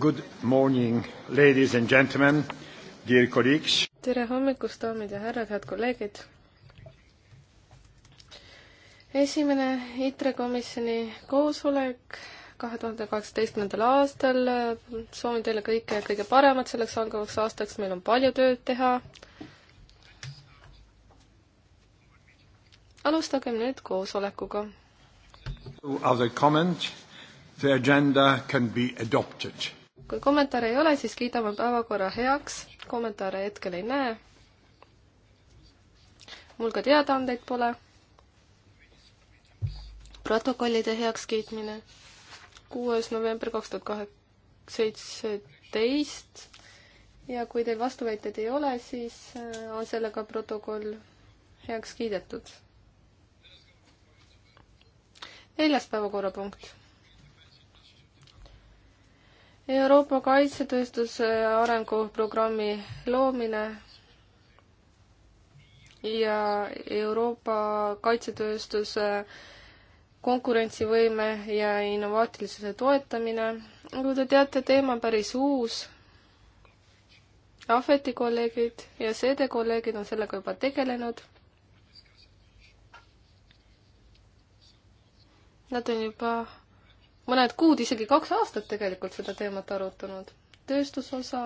Good morning, ladies and gentlemen, dear colleagues. tere hommikust, daamid ja härrad, head kolleegid. esimene ITRE komisjoni koosolek kahe tuhande kaheksateistkümnendal aastal. soovin teile kõike kõige paremat selleks algavaks aastaks, meil on palju tööd teha. alustagem nüüd koosolekuga. Other comment, the agenda can be adopted kui kommentaare ei ole, siis kiidame päevakorra heaks, kommentaare hetkel ei näe. mul ka teadaandeid pole. protokollide heakskiitmine, kuues november kaks tuhat kaheksa, seitseteist ja kui teil vastuväiteid ei ole, siis äh, on sellega protokoll heaks kiidetud. neljas päevakorrapunkt Euroopa kaitsetööstuse arenguprogrammi loomine ja Euroopa kaitsetööstuse konkurentsivõime ja innovaatilisuse toetamine. nagu te teate, teema on päris uus. Ahveti kolleegid ja Seede kolleegid on sellega juba tegelenud Nad on juba mõned kuud, isegi kaks aastat tegelikult seda teemat arutanud. tööstusosa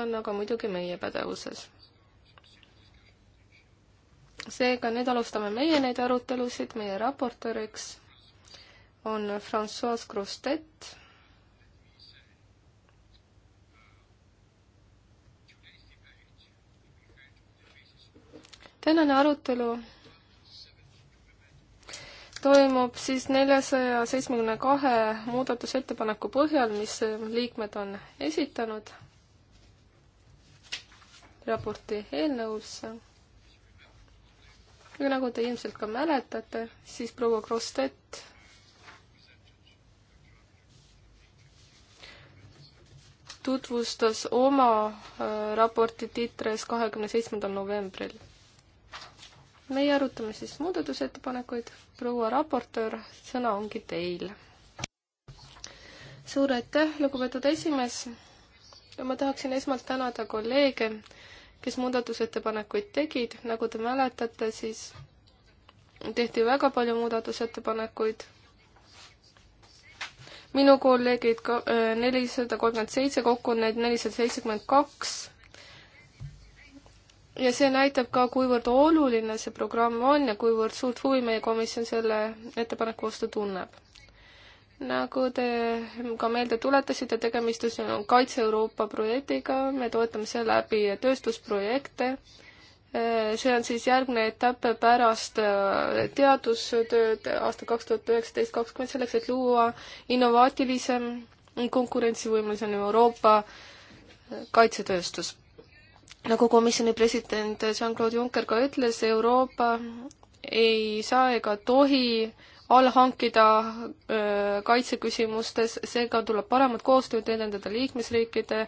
on aga muidugi meie pädevuses. seega nüüd alustame meie neid arutelusid, meie raportööriks on Francois Grostet tänane arutelu toimub siis neljasaja seitsmekümne kahe muudatusettepaneku põhjal, mis liikmed on esitanud raporti eelnõusse. ja nagu te ilmselt ka mäletate, siis proua Krostet tutvustas oma äh, raportit ITRE-s kahekümne seitsmendal novembril meie arutame siis muudatusettepanekuid. proua raportöör, sõna ongi teil. suur aitäh, lugupeetud esimees. ma tahaksin esmalt tänada kolleege, kes muudatusettepanekuid tegid. nagu te mäletate, siis tehti väga palju muudatusettepanekuid minu kolleegid äh, nelisada kolmkümmend seitse, kokku on neid nelisada seitsekümmend kaks ja see näitab ka, kuivõrd oluline see programm on ja kuivõrd suurt huvi meie komisjon selle ettepaneku vastu tunneb. nagu te ka meelde tuletasite, tegemist on Kaitse Euroopa projektiga, me toetame selle läbi tööstusprojekte, see on siis järgmine etapp pärast äh, teadustööd aastal kaks tuhat üheksateist, kakskümmend, selleks et luua innovaatilisem, konkurentsivõimelisem Euroopa äh, kaitsetööstus nagu komisjoni president Jean-Claude Juncker ka ütles, Euroopa ei saa ega tohi allhankida kaitseküsimustes, seega tuleb paremat koostööd edendada liikmesriikide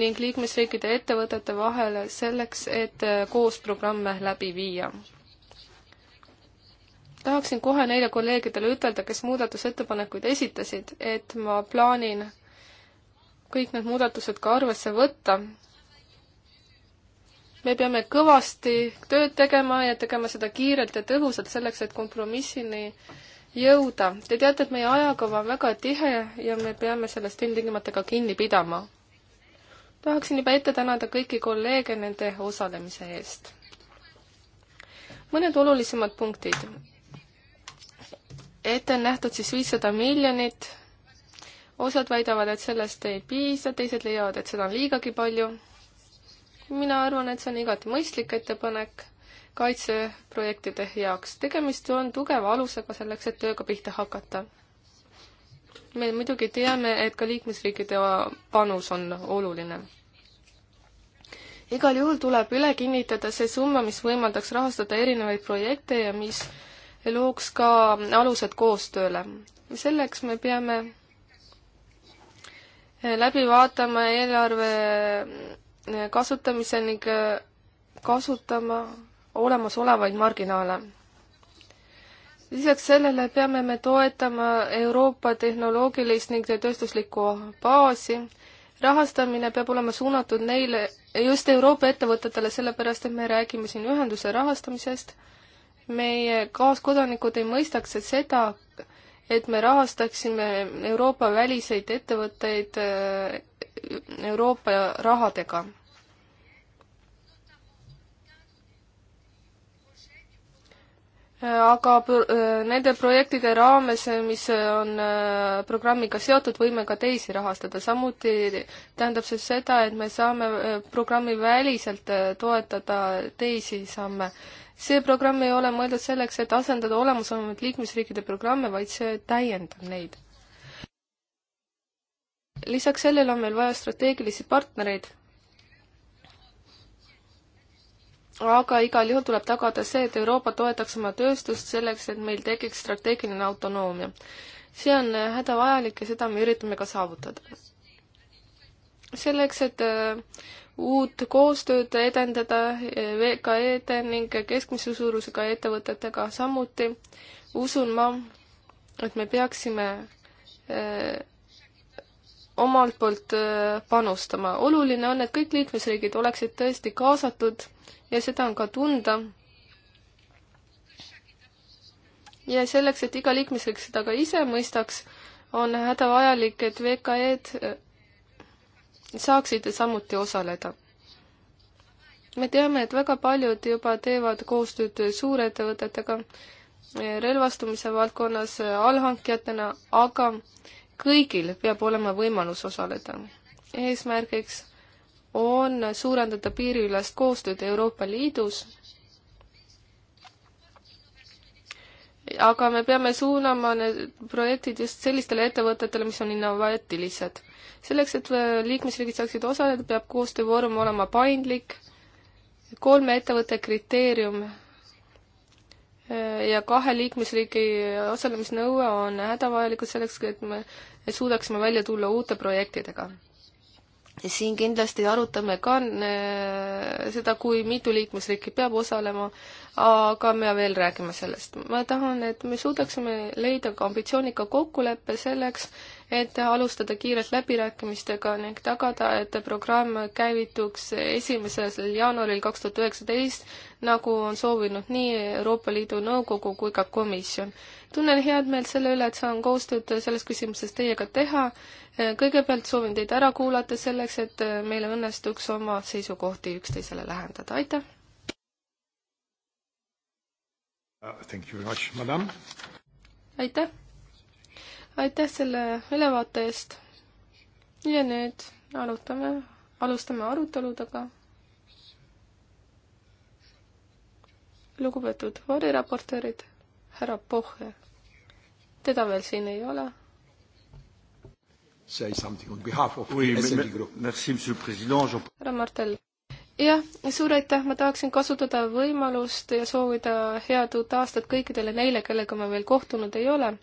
ning liikmesriikide ettevõtete vahel selleks, et koos programme läbi viia. tahaksin kohe neile kolleegidele ütelda, kes muudatusettepanekuid esitasid, et ma plaanin kõik need muudatused ka arvesse võtta me peame kõvasti tööd tegema ja tegema seda kiirelt ja tõhusalt selleks, et kompromissini jõuda. Te teate, et meie ajakava on väga tihe ja me peame sellest ilmtingimata ka kinni pidama. tahaksin juba ette tänada kõiki kolleege nende osalemise eest. mõned olulisemad punktid ette on nähtud siis viissada miljonit, osad väidavad, et sellest ei piisa, teised leiavad, et seda on liigagi palju mina arvan, et see on igati mõistlik ettepanek kaitseprojektide heaks. tegemist on tugeva alusega selleks, et tööga pihta hakata. me muidugi teame, et ka liikmesriikide panus on oluline. igal juhul tuleb üle kinnitada see summa, mis võimaldaks rahastada erinevaid projekte ja mis looks ka alused koostööle. selleks me peame läbi vaatama eelarve kasutamisel ning äh, kasutama olemasolevaid marginaale. lisaks sellele peame me toetama Euroopa tehnoloogilist ning tööstuslikku baasi. rahastamine peab olema suunatud neile, just Euroopa ettevõtetele, sellepärast et me räägime siin ühenduse rahastamisest. meie kaaskodanikud ei mõistaks seda, et me rahastaksime Euroopa väliseid ettevõtteid äh, Euroopa rahadega. aga nende projektide raames, mis on äh, programmiga seotud, võime ka teisi rahastada, samuti tähendab see seda, et me saame äh, programmi väliselt äh, toetada teisi samme see programm ei ole mõeldud selleks, et asendada olemasolevaid liikmesriikide programme, vaid see täiendab neid lisaks sellele on meil vaja strateegilisi partnereid. aga igal juhul tuleb tagada see, et Euroopa toetaks oma tööstust selleks, et meil tekiks strateegiline autonoomia. see on hädavajalik ja seda me üritame ka saavutada. selleks, et äh, uut koostööd edendada äh, VKE-de ning keskmise suurusega ettevõtetega samuti, usun ma, et me peaksime äh, omalt poolt äh, panustama. oluline on, et kõik liikmesriigid oleksid tõesti kaasatud ja seda on ka tunda. ja selleks, et iga liikmesriik seda ka ise mõistaks, on hädavajalik, et VKE-d äh, saaksid samuti osaleda. me teame, et väga paljud juba teevad koostööd suurettevõtetega äh, relvastumise valdkonnas allhankijatena, aga kõigil peab olema võimalus osaleda. eesmärgiks on suurendada piiriülest koostööd Euroopa Liidus. aga me peame suunama need projektid just sellistele ettevõtetele, mis on innovaatilised. selleks, et liikmesriigid saaksid osaleda, peab koostöövorm olema paindlik, kolme ettevõtte kriteerium ja kahe liikmesriigi osalemisnõue on hädavajalikud selleks, et me suudaksime välja tulla uute projektidega. siin kindlasti arutame ka seda, kui mitu liikmesriiki peab osalema, aga me veel räägime sellest. ma tahan, et me suudaksime leida ka ambitsioonika kokkuleppe selleks, et alustada kiirelt läbirääkimistega ning tagada, et programm käivituks esimesel jaanuaril kaks tuhat üheksateist, nagu on soovinud nii Euroopa Liidu Nõukogu kui ka komisjon. tunnen head meelt selle üle, et saan koostööd selles küsimuses teiega teha. kõigepealt soovin teid ära kuulata selleks, et meil õnnestuks oma seisukohti üksteisele lähendada, aitäh! Uh, thank you very much, madam! aitäh! aitäh selle ülevaate eest. ja nüüd arutame, alustame aruteludega. lugupeetud variraportöörid, härra Pohhe, teda veel siin ei ole. Say something on behalf of oui, SMI group. Merci, monsieur le president. härra Martel jah, suur aitäh, ma tahaksin kasutada võimalust ja soovida head uut aastat kõikidele neile, kellega ma veel kohtunud ei ole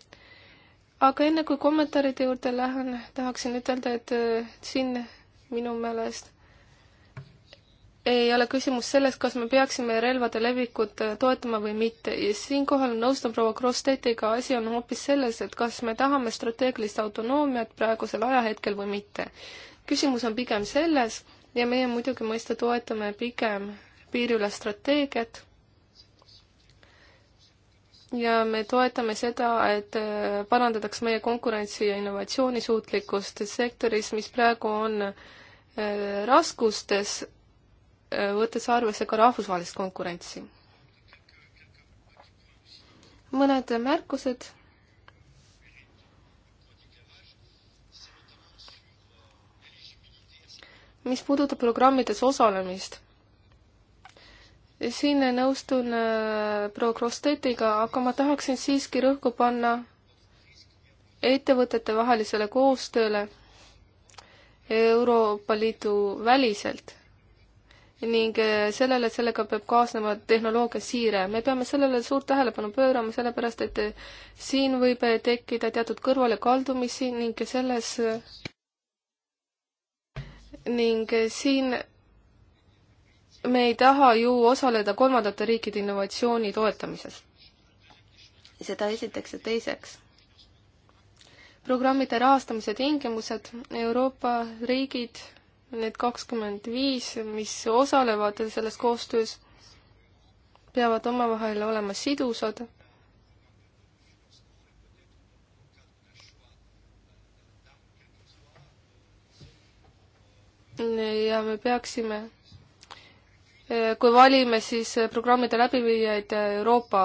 aga enne kui kommentaaride juurde lähen, tahaksin ütelda, et äh, siin minu meelest ei ole küsimus selles, kas me peaksime relvade levikut äh, toetama või mitte ja siinkohal nõustun proua Krossetiga, asi on hoopis selles, et kas me tahame strateegilist autonoomiat praegusel ajahetkel või mitte. küsimus on pigem selles ja meie muidugi mõista toetame pigem piiriülest strateegiat ja me toetame seda, et äh, parandataks meie konkurentsi- ja innovatsioonisuutlikkust sektoris, mis praegu on äh, raskustes, äh, võttes arvesse ka rahvusvahelist konkurentsi. mõned märkused. mis puudutab programmides osalemist siin nõustun äh, proua Krostetiga, aga ma tahaksin siiski rõhku panna ettevõtete vahelisele koostööle Euroopa Liidu väliselt ning äh, sellele, et sellega peab kaasnema tehnoloogia siire. me peame sellele suurt tähelepanu pöörama, sellepärast et äh, siin võib tekkida teatud kõrvalekaldumisi ning selles ning siin me ei taha ju osaleda kolmandate riikide innovatsiooni toetamises. seda esiteks ja teiseks. programmide rahastamise tingimused, Euroopa riigid, need kakskümmend viis, mis osalevad selles koostöös, peavad omavahel olema sidusad ja me peaksime kui valime siis äh, programmide läbiviijaid äh, Euroopa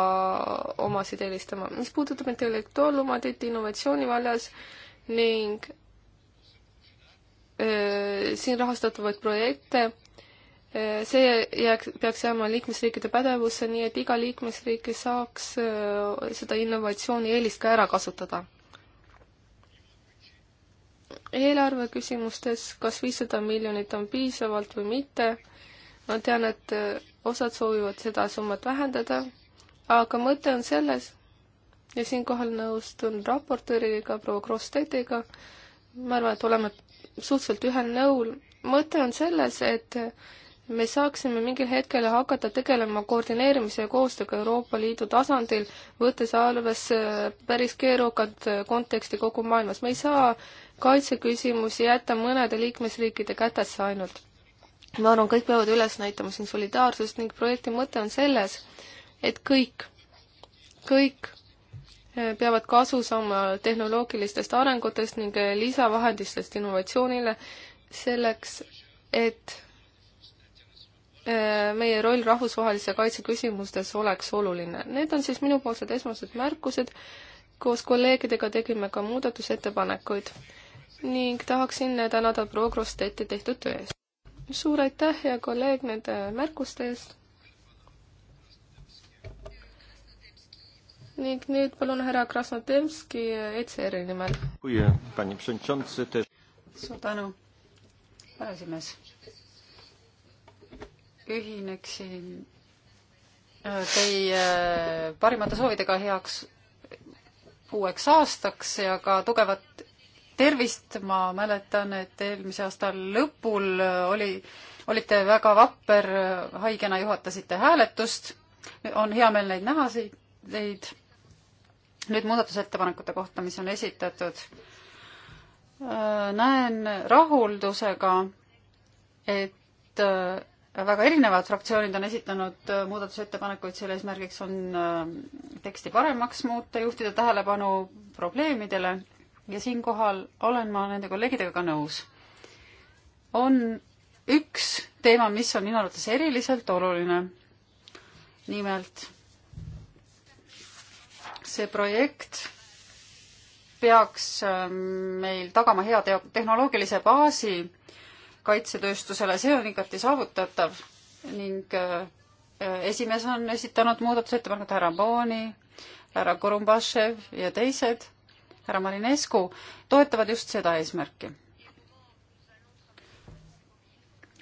omasid eelistama. mis puudutab intellektuaalomandit innovatsiooni vallas ning öö, äh, siin rahastatavaid projekte, see jääks, peaks jääma liikmesriikide pädevusse, nii et iga liikmesriik saaks öö, seda innovatsiooni eelist ka ära kasutada. eelarve küsimustes, kas viissada miljonit on piisavalt või mitte ma tean, et äh, osad soovivad seda summat vähendada, aga mõte on selles ja siinkohal nõustun raportööriga, proua Kross-Tetiga, ma arvan, et oleme suhteliselt ühel nõul, mõte on selles, et äh, me saaksime mingil hetkel hakata tegelema koordineerimise ja koostööga Euroopa Liidu tasandil, võttes arvesse äh, päris keerukat konteksti kogu maailmas. me ei saa kaitseküsimusi jätta mõnede liikmesriikide kätesse ainult ma arvan, kõik peavad üles näitama siin solidaarsust ning projekti mõte on selles, et kõik, kõik eh, peavad kasu saama tehnoloogilistest arengutest ning eh, lisavahendistest innovatsioonile selleks, et eh, meie roll rahvusvahelise kaitse küsimustes oleks oluline. Need on siis minupoolsed esmased märkused, koos kolleegidega tegime ka muudatusettepanekuid ning tahaksin tänada Progrosteti tehtud töö eest suur aitäh, hea kolleeg, nende märkuste eest. ning nüüd palun härra Krasnodemski ECR-i nimel. Eh, suur tänu, härra esimees. ühineksin äh, teie äh, parimate soovidega heaks uueks aastaks ja ka tugevat tervist, ma mäletan, et eelmise aasta lõpul oli, olite väga vapper, haigena juhatasite hääletust. on hea meel neid näha siit, teid. nüüd muudatusettepanekute kohta, mis on esitatud. Äh, näen rahuldusega, et äh, väga erinevad fraktsioonid on esitanud äh, muudatusettepanekuid, selle eesmärgiks on teksti paremaks muuta, juhtida tähelepanu probleemidele ja siinkohal olen ma nende kolleegidega ka nõus. on üks teema, mis on minu arvates eriliselt oluline. nimelt see projekt peaks ähm, meil tagama hea te tehnoloogilise baasi kaitsetööstusele, see on igati saavutatav ning äh, esimees on esitanud muudatusettepanekud härra Booni, härra Korumbašev ja teised härra Marinescu, toetavad just seda eesmärki.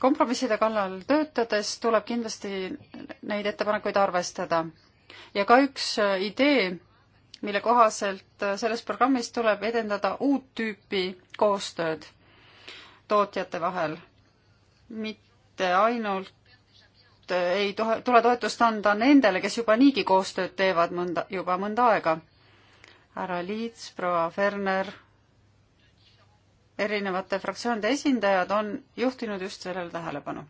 kompromisside kallal töötades tuleb kindlasti neid ettepanekuid arvestada. ja ka üks äh, idee, mille kohaselt äh, selles programmis tuleb edendada uut tüüpi koostööd tootjate vahel. mitte ainult äh, ei tule toetust anda nendele, kes juba niigi koostööd teevad mõnda, juba mõnda aega härra Liits, proua Ferner, erinevate fraktsioonide esindajad on juhtinud just sellele tähelepanu.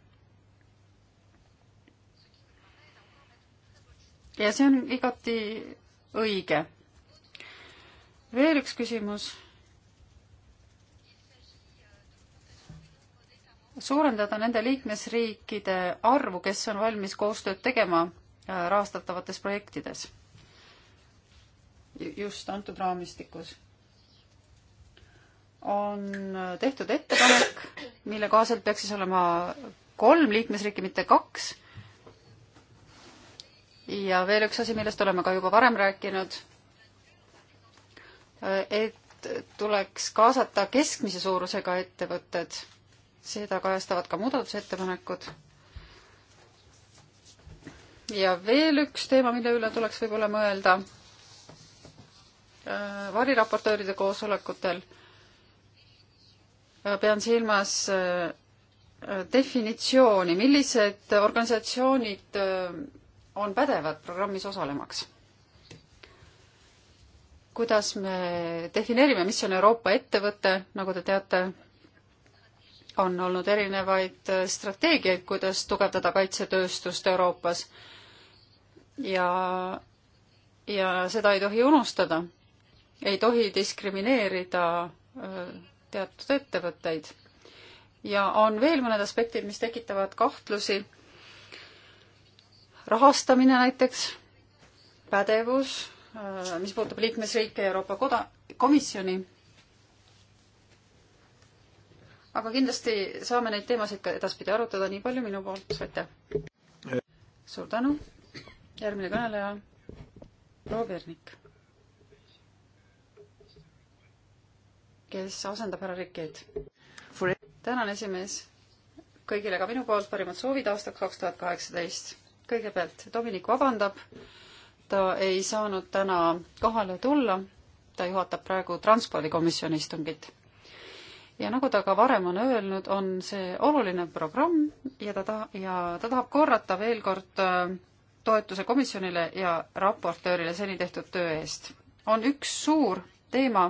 ja see on igati õige. veel üks küsimus. suurendada nende liikmesriikide arvu, kes on valmis koostööd tegema äh, rahastatavates projektides just antud raamistikus on tehtud ettepanek, mille kohaselt peaks siis olema kolm liikmesriiki, mitte kaks. ja veel üks asi, millest oleme ka juba varem rääkinud, et tuleks kaasata keskmise suurusega ettevõtted, seda kajastavad ka muudatusettepanekud. ja veel üks teema, mille üle tuleks võib-olla mõelda Äh, variraportööride koosolekutel. Äh, pean silmas äh, definitsiooni, millised organisatsioonid on pädevad programmis osalemaks? kuidas me defineerime, mis on Euroopa ettevõte, nagu te teate, on olnud erinevaid strateegiaid, kuidas tugevdada kaitsetööstust Euroopas. ja, ja seda ei tohi unustada ei tohi diskrimineerida äh, teatud ettevõtteid. ja on veel mõned aspektid, mis tekitavad kahtlusi. rahastamine näiteks, pädevus, äh, mis puudutab liikmesriike ja Euroopa koda-, komisjoni. aga kindlasti saame neid teemasid ka edaspidi arutada, nii palju minu poolt, aitäh! Äh. suur tänu, järgmine kõneleja, proua Pernik kes asendab härra Rikkeid. tänan, esimees. kõigile ka minu poolt parimad soovid aastaks kaks tuhat kaheksateist. kõigepealt Dominik vabandab, ta ei saanud täna kohale tulla, ta juhatab praegu transpordikomisjoni istungit. ja nagu ta ka varem on öelnud, on see oluline programm ja ta ta-, ja ta tahab korrata veel kord äh, toetuse komisjonile ja raportöörile seni tehtud töö eest. on üks suur teema,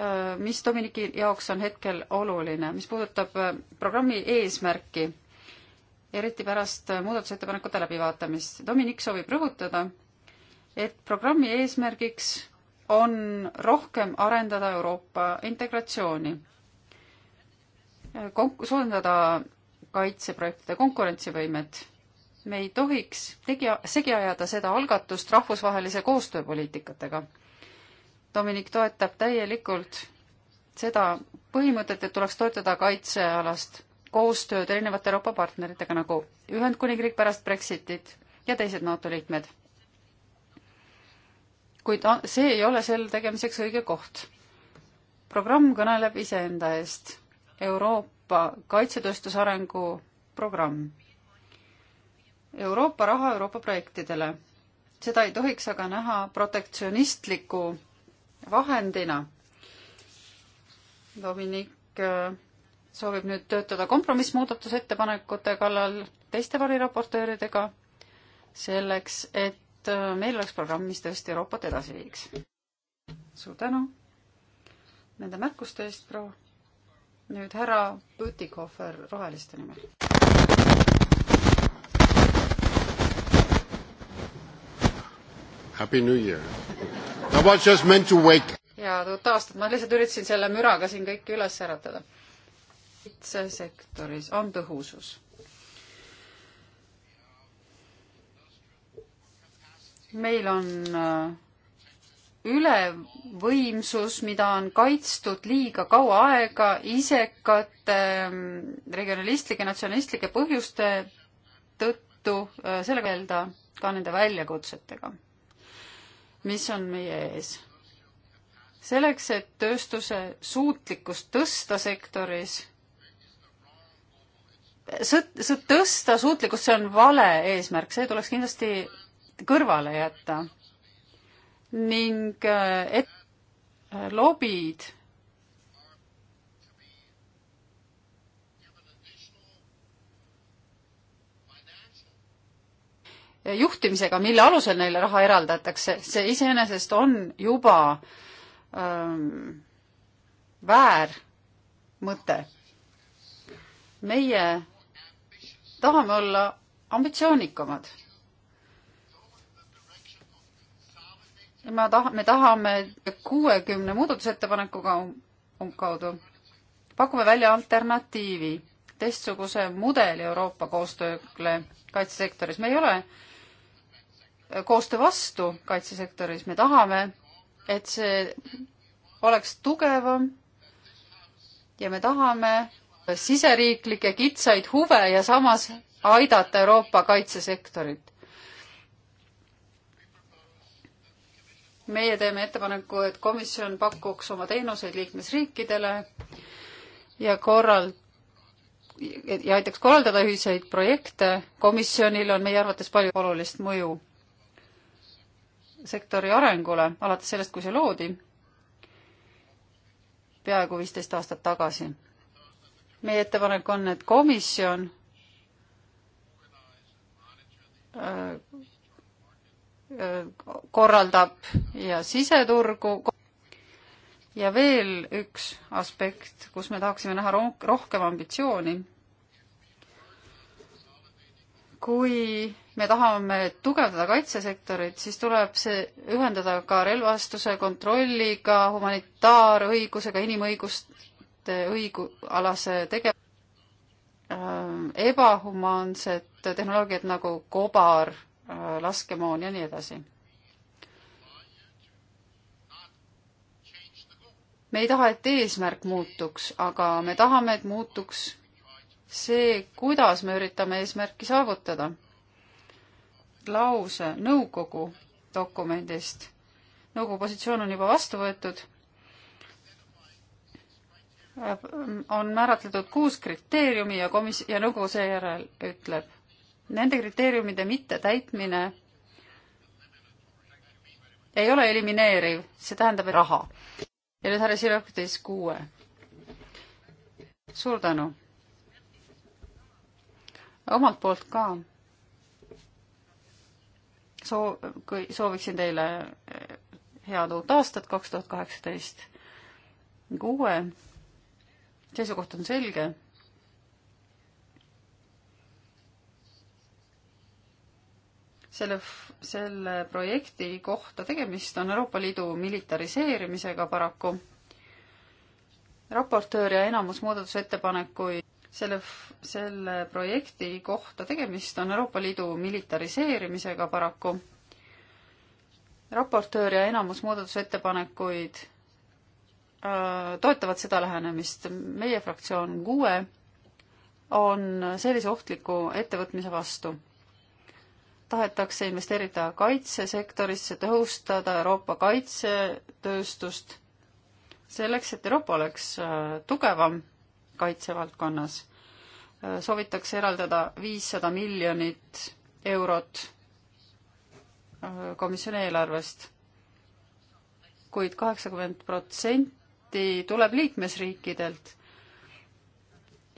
Äh, mis Dominiki jaoks on hetkel oluline, mis puudutab äh, programmi eesmärki, eriti pärast äh, muudatusettepanekute läbivaatamist. Dominik soovib rõhutada, et programmi eesmärgiks on rohkem arendada Euroopa integratsiooni, suurendada kaitseprojektide konkurentsivõimet. me ei tohiks tegi, segi ajada seda algatust rahvusvahelise koostööpoliitikatega Dominik toetab täielikult seda põhimõtet, et tuleks toetada kaitsealast koostööd erinevate Euroopa partneritega nagu Ühendkuningriik pärast Brexitit ja teised NATO liikmed. kuid see ei ole selle tegemiseks õige koht. programm kõneleb iseenda eest. Euroopa kaitsetööstuse arengu programm. Euroopa raha Euroopa projektidele. seda ei tohiks aga näha protektsionistliku vahendina. Dominik äh, soovib nüüd töötada kompromissmuudatusettepanekute kallal teiste variraportööridega selleks, et äh, meil oleks programm, mis tõesti Euroopat edasi viiks. suur tänu nende märkuste eest, proua. nüüd härra Butikofer Roheliste nimel. Happy New Year! ja taastud, ma lihtsalt üritasin selle müraga siin kõiki üles äratada. kaitsesektoris on tõhusus. meil on äh, ülevõimsus, mida on kaitstud liiga kaua aega isekate ähm, regionalistlike, natsionalistlike põhjuste tõttu, äh, sellega öelda ka nende väljakutsetega mis on meie ees. selleks, et tööstuse suutlikkust tõsta sektoris, sõt-, sõt-, tõsta suutlikkust, see on vale eesmärk, see tuleks kindlasti kõrvale jätta. ning äh, et lobid juhtimisega, mille alusel neile raha eraldatakse, see iseenesest on juba ähm, väär mõte. meie tahame olla ambitsioonikamad. ma taha, me tahame kuuekümne muudatusettepanekuga umbkaudu, pakume välja alternatiivi, teistsuguse mudeli Euroopa koostööle kaitsesektoris, me ei ole äh, koostöö vastu kaitsesektoris, me tahame, et see oleks tugevam ja me tahame siseriiklikke kitsaid huve ja samas aidata Euroopa kaitsesektorit. meie teeme ettepaneku, et komisjon pakuks oma teenuseid liikmesriikidele ja korral- ja aitaks korraldada ühiseid projekte. komisjonil on meie arvates palju olulist mõju sektori arengule alates sellest, kui see loodi, peaaegu viisteist aastat tagasi. meie ettepanek on, et komisjon äh, korraldab ja siseturgu ja veel üks aspekt, kus me tahaksime näha rohkem ambitsiooni. kui me tahame tugevdada kaitsesektorit, siis tuleb see ühendada ka relvastuse kontrolliga, humanitaarõigusega, inimõiguste õigu-, alase tege-, ähm, ebahumaansed tehnoloogiad nagu kobar, äh, laskemoon ja nii edasi. me ei taha, et eesmärk muutuks, aga me tahame, et muutuks see, kuidas me üritame eesmärki saavutada lause nõukogu dokumendist. nõukogu positsioon on juba vastu võetud. on määratletud kuus kriteeriumi ja komis- ja nõukogu seejärel ütleb, nende kriteeriumide mittetäitmine ei ole elimineeriv, see tähendab raha. ja nüüd härra Sirok ütles kuue. suur tänu. omalt poolt ka soo-, kui sooviksin teile eh, head uut aastat, kaks tuhat kaheksateist. uue seisukoht on selge. selle, selle projekti kohta tegemist on Euroopa Liidu militariseerimisega paraku. raportöör ja enamus muudatusettepanekuid selle, selle projekti kohta. tegemist on Euroopa Liidu militariseerimisega paraku. raportöör ja enamus muudatusettepanekuid äh, toetavad seda lähenemist. meie fraktsioon kuue on sellise ohtliku ettevõtmise vastu. tahetakse investeerida kaitsesektorisse, tõhustada Euroopa kaitsetööstust selleks, et Euroopa oleks äh, tugevam kaitsevaldkonnas. Äh, soovitakse eraldada viissada miljonit eurot äh, komisjoni eelarvest kuid, kuid kaheksakümmend protsenti tuleb liikmesriikidelt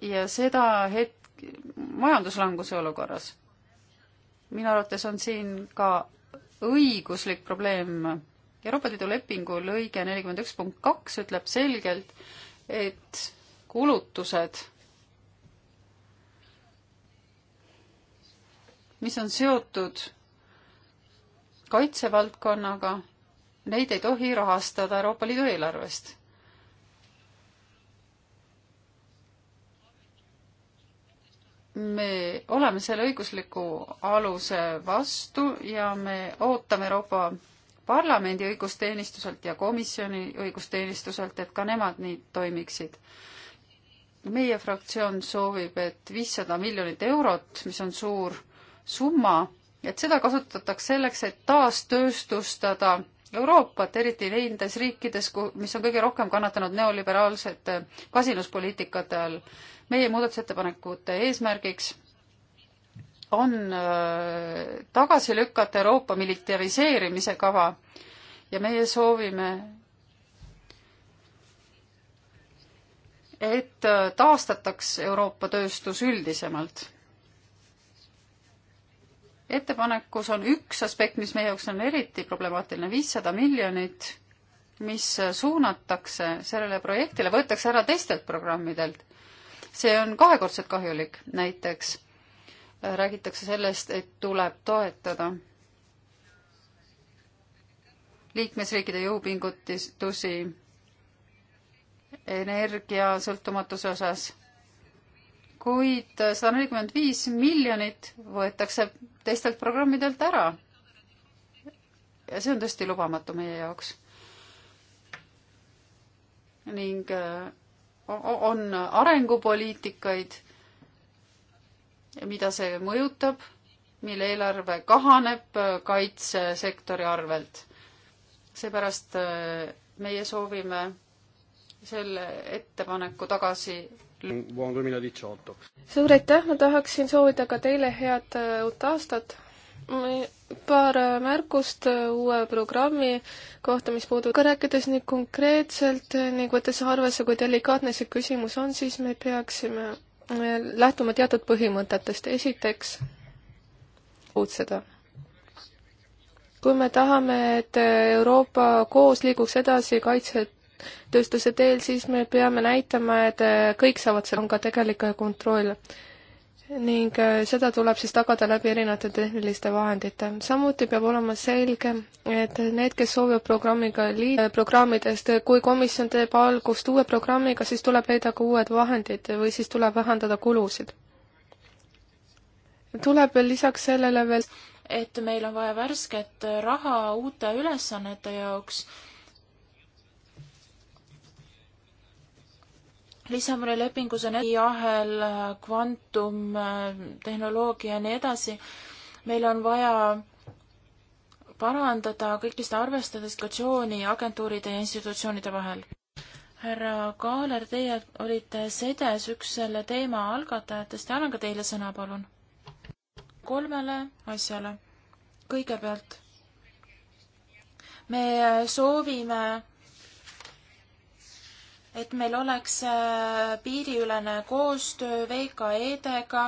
ja seda hetk-, majanduslanguse olukorras. minu arvates on siin ka õiguslik probleem. Euroopa Liidu lepingu lõige nelikümmend üks punkt kaks ütleb selgelt, et kulutused, mis on seotud kaitsevaldkonnaga, neid ei tohi rahastada Euroopa Liidu eelarvest. me oleme selle õigusliku aluse vastu ja me ootame Euroopa Parlamendi õigusteenistuselt ja komisjoni õigusteenistuselt, et ka nemad nii toimiksid meie fraktsioon soovib, et viissada miljonit eurot, mis on suur summa, et seda kasutatakse selleks, et taastööstustada Euroopat, eriti nendes riikides, mis on kõige rohkem kannatanud neoliberaalsete kasinuspoliitikate all. meie muudatusettepanekute eesmärgiks on äh, tagasi lükata Euroopa militariseerimise kava ja meie soovime et äh, taastataks Euroopa tööstus üldisemalt. ettepanekus on üks aspekt, mis meie jaoks on eriti problemaatiline, viissada miljonit, mis äh, suunatakse sellele projektile, võetakse ära teistelt programmidelt. see on kahekordselt kahjulik, näiteks äh, räägitakse sellest, et tuleb toetada liikmesriikide jõupingutusi energiasõltumatuse osas, kuid sada nelikümmend viis miljonit võetakse teistelt programmidelt ära. ja see on tõesti lubamatu meie jaoks. ning äh, on arengupoliitikaid, mida see mõjutab, mille eelarve kahaneb äh, kaitsesektori arvelt. seepärast äh, meie soovime selle ettepaneku tagasi suur aitäh, ma tahaksin soovida ka teile head äh, uut aastat. paar äh, märkust äh, uue programmi kohta, mis puudutab, rääkides nüüd konkreetselt ning võttes arvesse, kui delikaatne see küsimus on, siis me peaksime lähtuma teatud põhimõtetest. esiteks, uudseda kui me tahame, et Euroopa koos liiguks edasi kaitse tööstuse teel, siis me peame näitama, et äh, kõik saavad seal, on ka tegelik äh, kontroll. ning äh, seda tuleb siis tagada läbi erinevate tehniliste vahendite. samuti peab olema selge, et need, kes soovivad programmiga liit-, programmidest, kui komisjon teeb algust uue programmiga, siis tuleb leida ka uued vahendid või siis tuleb vähendada kulusid. tuleb lisaks sellele veel et meil on vaja värsket raha uute ülesannete jaoks Lissaboni lepingus on ahel, äh, kvantum, äh, tehnoloogia ja nii edasi. meil on vaja parandada kõikidest arvestades situatsiooni agentuuride ja institutsioonide vahel. härra Kaaler, teie olite sedes üks selle teema algatajatest ja annan ka teile sõna, palun. kolmele asjale. kõigepealt, me soovime et meil oleks äh, piiriülene koostöö VKE-dega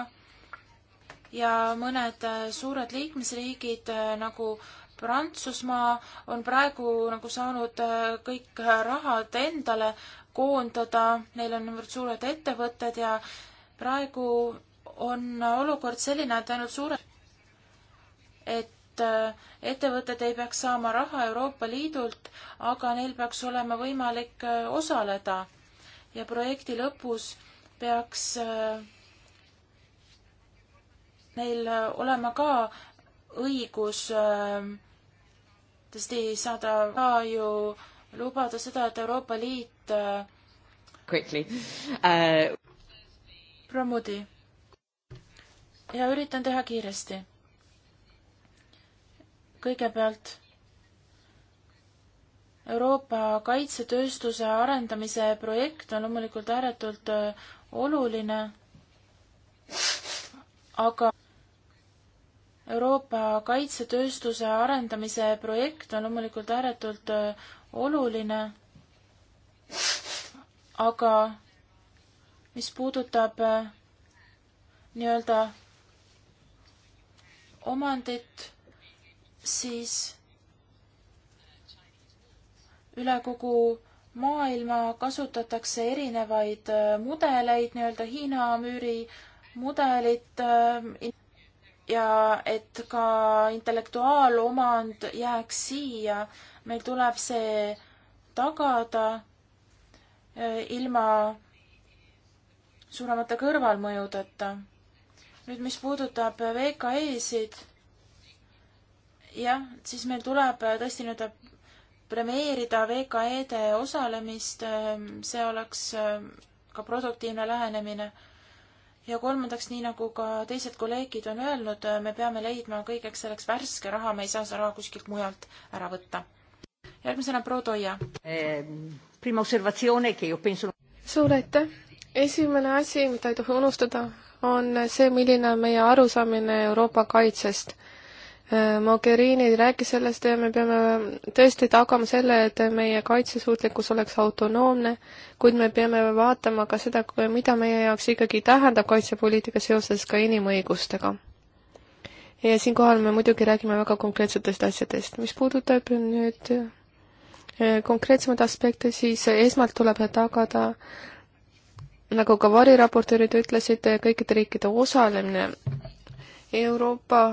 ja mõned äh, suured liikmesriigid äh, nagu Prantsusmaa on praegu nagu saanud kõik rahad endale koondada, neil on niivõrd suured ettevõtted ja praegu on olukord selline, et ainult suured, et et äh, ettevõtted ei peaks saama raha Euroopa Liidult, aga neil peaks olema võimalik äh, osaleda ja projekti lõpus peaks äh, neil olema ka õigus tõesti saada ka ju lubada seda, et Euroopa Liit quickly uh.... Promudi. ja üritan teha kiiresti kõigepealt Euroopa kaitsetööstuse arendamise projekt on loomulikult ääretult äh, oluline, aga Euroopa kaitsetööstuse arendamise projekt on loomulikult ääretult äh, oluline, aga mis puudutab äh, nii-öelda omandit siis üle kogu maailma kasutatakse erinevaid äh, mudeleid, nii-öelda Hiina müüri mudelit äh, ja et ka intellektuaalomand jääks siia, meil tuleb see tagada äh, ilma suuremate kõrvalmõjudeta. nüüd, mis puudutab VKE-sid jah, siis meil tuleb äh, tõesti nii-öelda äh, premeerida VKE-de osalemist, ähm, see oleks äh, ka produktiivne lähenemine. ja kolmandaks, nii nagu ka teised kolleegid on öelnud, me peame leidma kõigeks selleks värske raha, me ei saa seda raha kuskilt mujalt ära võtta. järgmisena proua Toia. Ähm, suur aitäh! esimene asi, mida ei tohi unustada, on see, milline on meie arusaamine Euroopa kaitsest Äh, Mogherini rääkis sellest ja me peame tõesti tagama selle, et meie kaitsesuutlikkus oleks autonoomne, kuid me peame vaatama ka seda, mida meie jaoks ikkagi tähendab kaitsepoliitika seoses ka inimõigustega. ja siinkohal me muidugi räägime väga konkreetsetest asjadest, mis puudutab nüüd äh, konkreetsemaid aspekte, siis esmalt tuleb tagada nagu ka variraportöörid ütlesid, kõikide riikide osalemine Euroopa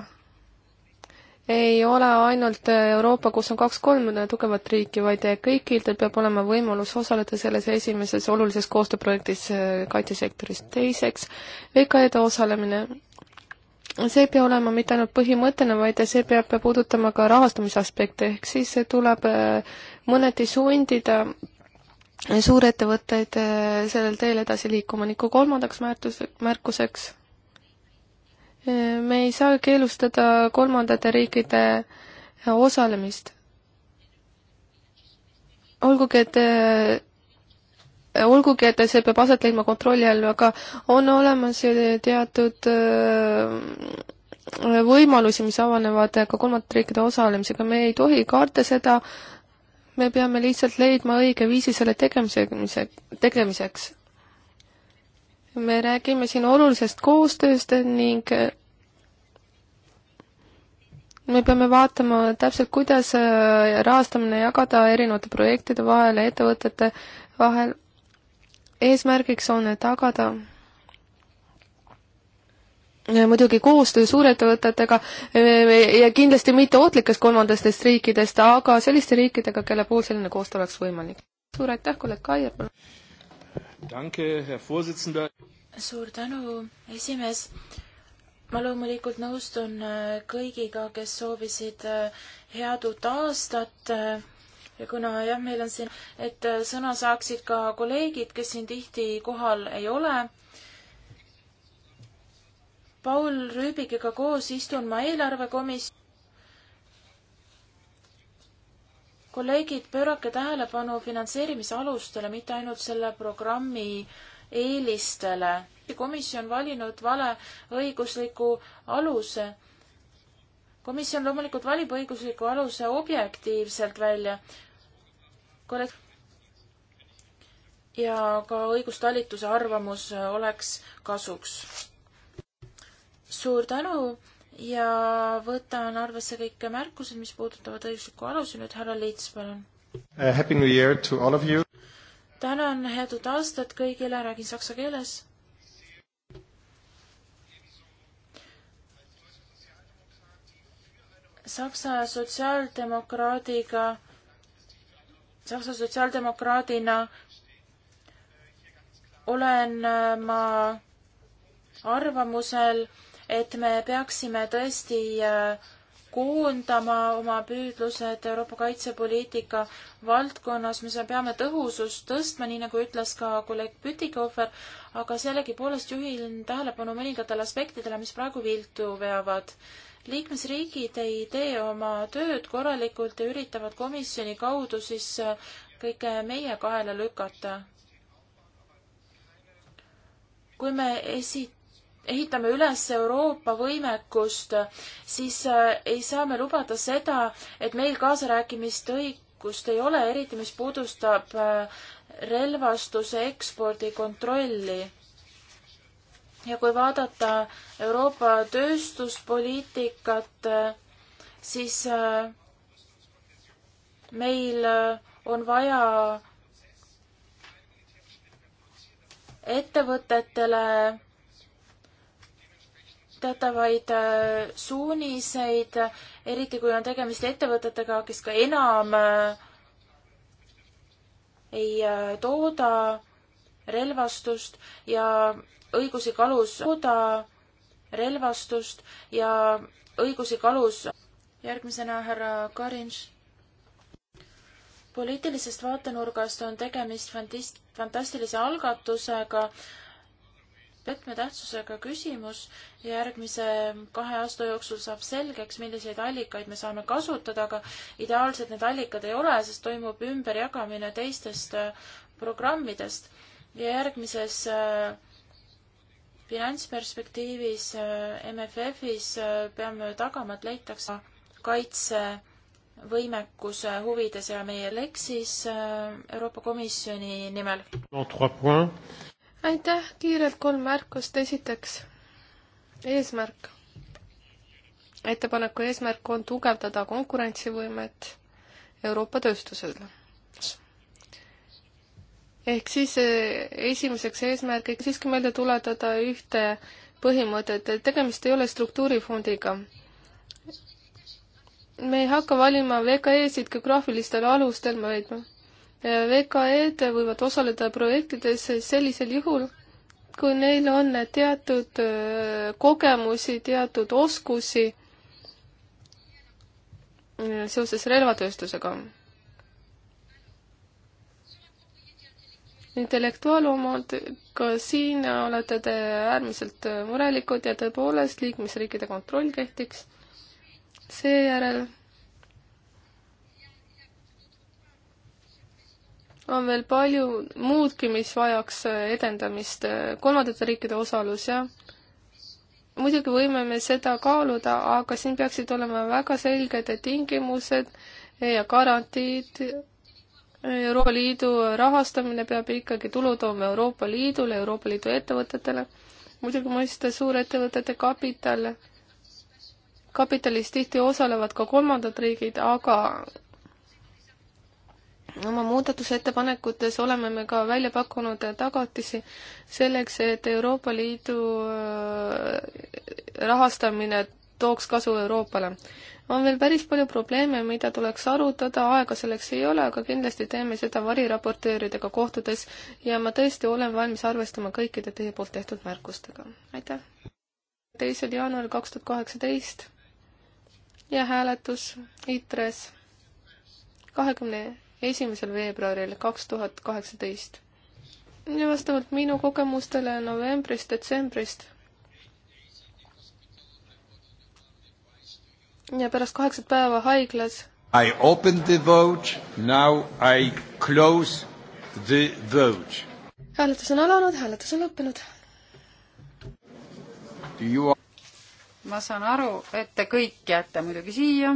ei ole ainult Euroopa, kus on kaks-kolm tugevat riiki, vaid kõikidel peab olema võimalus osaleda selles esimeses olulises koostööprojektis äh, kaitsesektoris. teiseks, VKE-de osalemine. see ei pea olema mitte ainult põhimõttena, vaid see peab puudutama ka rahastamise aspekte, ehk siis tuleb äh, mõneti sundida äh, suurettevõtteid sellel teel edasi liikuma ning kui kolmandaks märtus, märkuseks me ei saa keelustada kolmandate riikide osalemist. olgugi, et äh, olgugi, et see peab aset leidma kontrolli all, aga on olemas teatud äh, võimalusi, mis avanevad ka kolmandate riikide osalemisega, me ei tohi karta seda, me peame lihtsalt leidma õige viisi selle tegemise, tegemiseks me räägime siin olulisest koostööst ning äh, me peame vaatama täpselt, kuidas äh, rahastamine jagada erinevate projektide vahel ja ettevõtete vahel. eesmärgiks on tagada Ja äh, muidugi koostöö suurettevõtetega ja kindlasti mitte ohtlikest kolmandatest riikidest, aga selliste riikidega, kelle puhul selline koostöö oleks võimalik. suur aitäh, kolleeg Kaier, palun! suur tänu, esimees. ma loomulikult nõustun äh, kõigiga, kes soovisid äh, head uut aastat ja kuna jah, meil on siin, et äh, sõna saaksid ka kolleegid, kes siin tihti kohal ei ole. Paul Rüübikiga koos istun ma eelarvekomis-. kolleegid, pöörake tähelepanu finantseerimise alustele, mitte ainult selle programmi eelistele. komisjon valinud vale õigusliku aluse. komisjon loomulikult valib õigusliku aluse objektiivselt välja. ja ka õigustalituse arvamus oleks kasuks. suur tänu ja võtan arvesse kõik märkused, mis puudutavad õiguslikku alusi. nüüd härra Liits, palun. Uh, Happy New Year to all of you! tänan, head uut aastat kõigile, räägin saksa keeles Saksa sotsiaaldemokraadiga, Saksa sotsiaaldemokraadina olen äh, ma arvamusel, et me peaksime tõesti äh, koondama oma püüdlused Euroopa kaitsepoliitika valdkonnas, me peame tõhusust tõstma, nii nagu ütles ka kolleeg Pütikofer, aga sellegipoolest juhin tähelepanu mõningatele aspektidele, mis praegu viltu veavad liikmesriigid ei tee oma tööd korralikult ja üritavad komisjoni kaudu siis äh, kõike meie kaela lükata. kui me esit-, ehitame üles Euroopa võimekust, siis äh, ei saa me lubada seda, et meil kaasarääkimist õigust ei ole, eriti mis puudustab äh, relvastuse ekspordi kontrolli. ja kui vaadata Euroopa tööstuspoliitikat, äh, siis meil on vaja ettevõtetele teatavaid äh, suuniseid, eriti kui on tegemist ettevõtetega, kes ka enam äh, ei äh, tooda relvastust ja õiguslik alus tooda relvastust ja õiguslik alus. järgmisena härra Karins. poliitilisest vaatenurgast on tegemist fantist-, fantastilise algatusega, võtmetähtsusega küsimus. järgmise kahe aasta jooksul saab selgeks, milliseid allikaid me saame kasutada, aga ideaalsed need allikad ei ole, sest toimub ümberjagamine teistest äh, programmidest ja järgmises äh, finantsperspektiivis äh, MFF-is peame tagama, et leitakse kaitsevõimekuse huvides ja meie Lexis Euroopa Komisjoni nimel aitäh, kiirelt kolm märkust, esiteks eesmärk. ettepaneku eesmärk on tugevdada konkurentsivõimet Euroopa tööstusele. ehk siis eh, esimeseks eesmärgiks siiski meelde tuletada ühte põhimõtet, et tegemist ei ole struktuurifondiga me ei hakka valima VKE-sid geograafilistel alustel, vaid me VKE-d võivad osaleda projektides sellisel juhul, kui neil on teatud äh, kogemusi, teatud oskusi äh, seoses relvatööstusega. intellektuaalomad, ka siin olete te äärmiselt äh, murelikud ja tõepoolest liikmesriikide kontroll kehtiks. seejärel on veel palju muudki, mis vajaks äh, edendamist, kolmandate riikide osalus, jah. muidugi võime me seda kaaluda, aga siin peaksid olema väga selged tingimused ja garantiid. Euroopa Liidu rahastamine peab ikkagi tulu tooma Euroopa Liidule, Euroopa Liidu ettevõtetele. muidugi mõista suurettevõtete kapital, kapitalis tihti osalevad ka kolmandad riigid, aga oma muudatusettepanekutes oleme me ka välja pakkunud tagatisi selleks, et Euroopa Liidu äh, rahastamine tooks kasu Euroopale. on veel päris palju probleeme, mida tuleks arutada, aega selleks ei ole, aga kindlasti teeme seda variraportööridega kohtudes ja ma tõesti olen valmis arvestama kõikide teie poolt tehtud märkustega. aitäh! teisel jaanuaril kaks tuhat kaheksateist ja hääletus ITRES kahekümne esimesel veebruaril kaks tuhat kaheksateist. ja vastavalt minu kogemustele novembrist, detsembrist ja pärast kaheksat päeva haiglas I open the vote, now I close the vote. hääletus on alanud, hääletus on lõppenud. Are... ma saan aru, et te kõik jääte muidugi siia,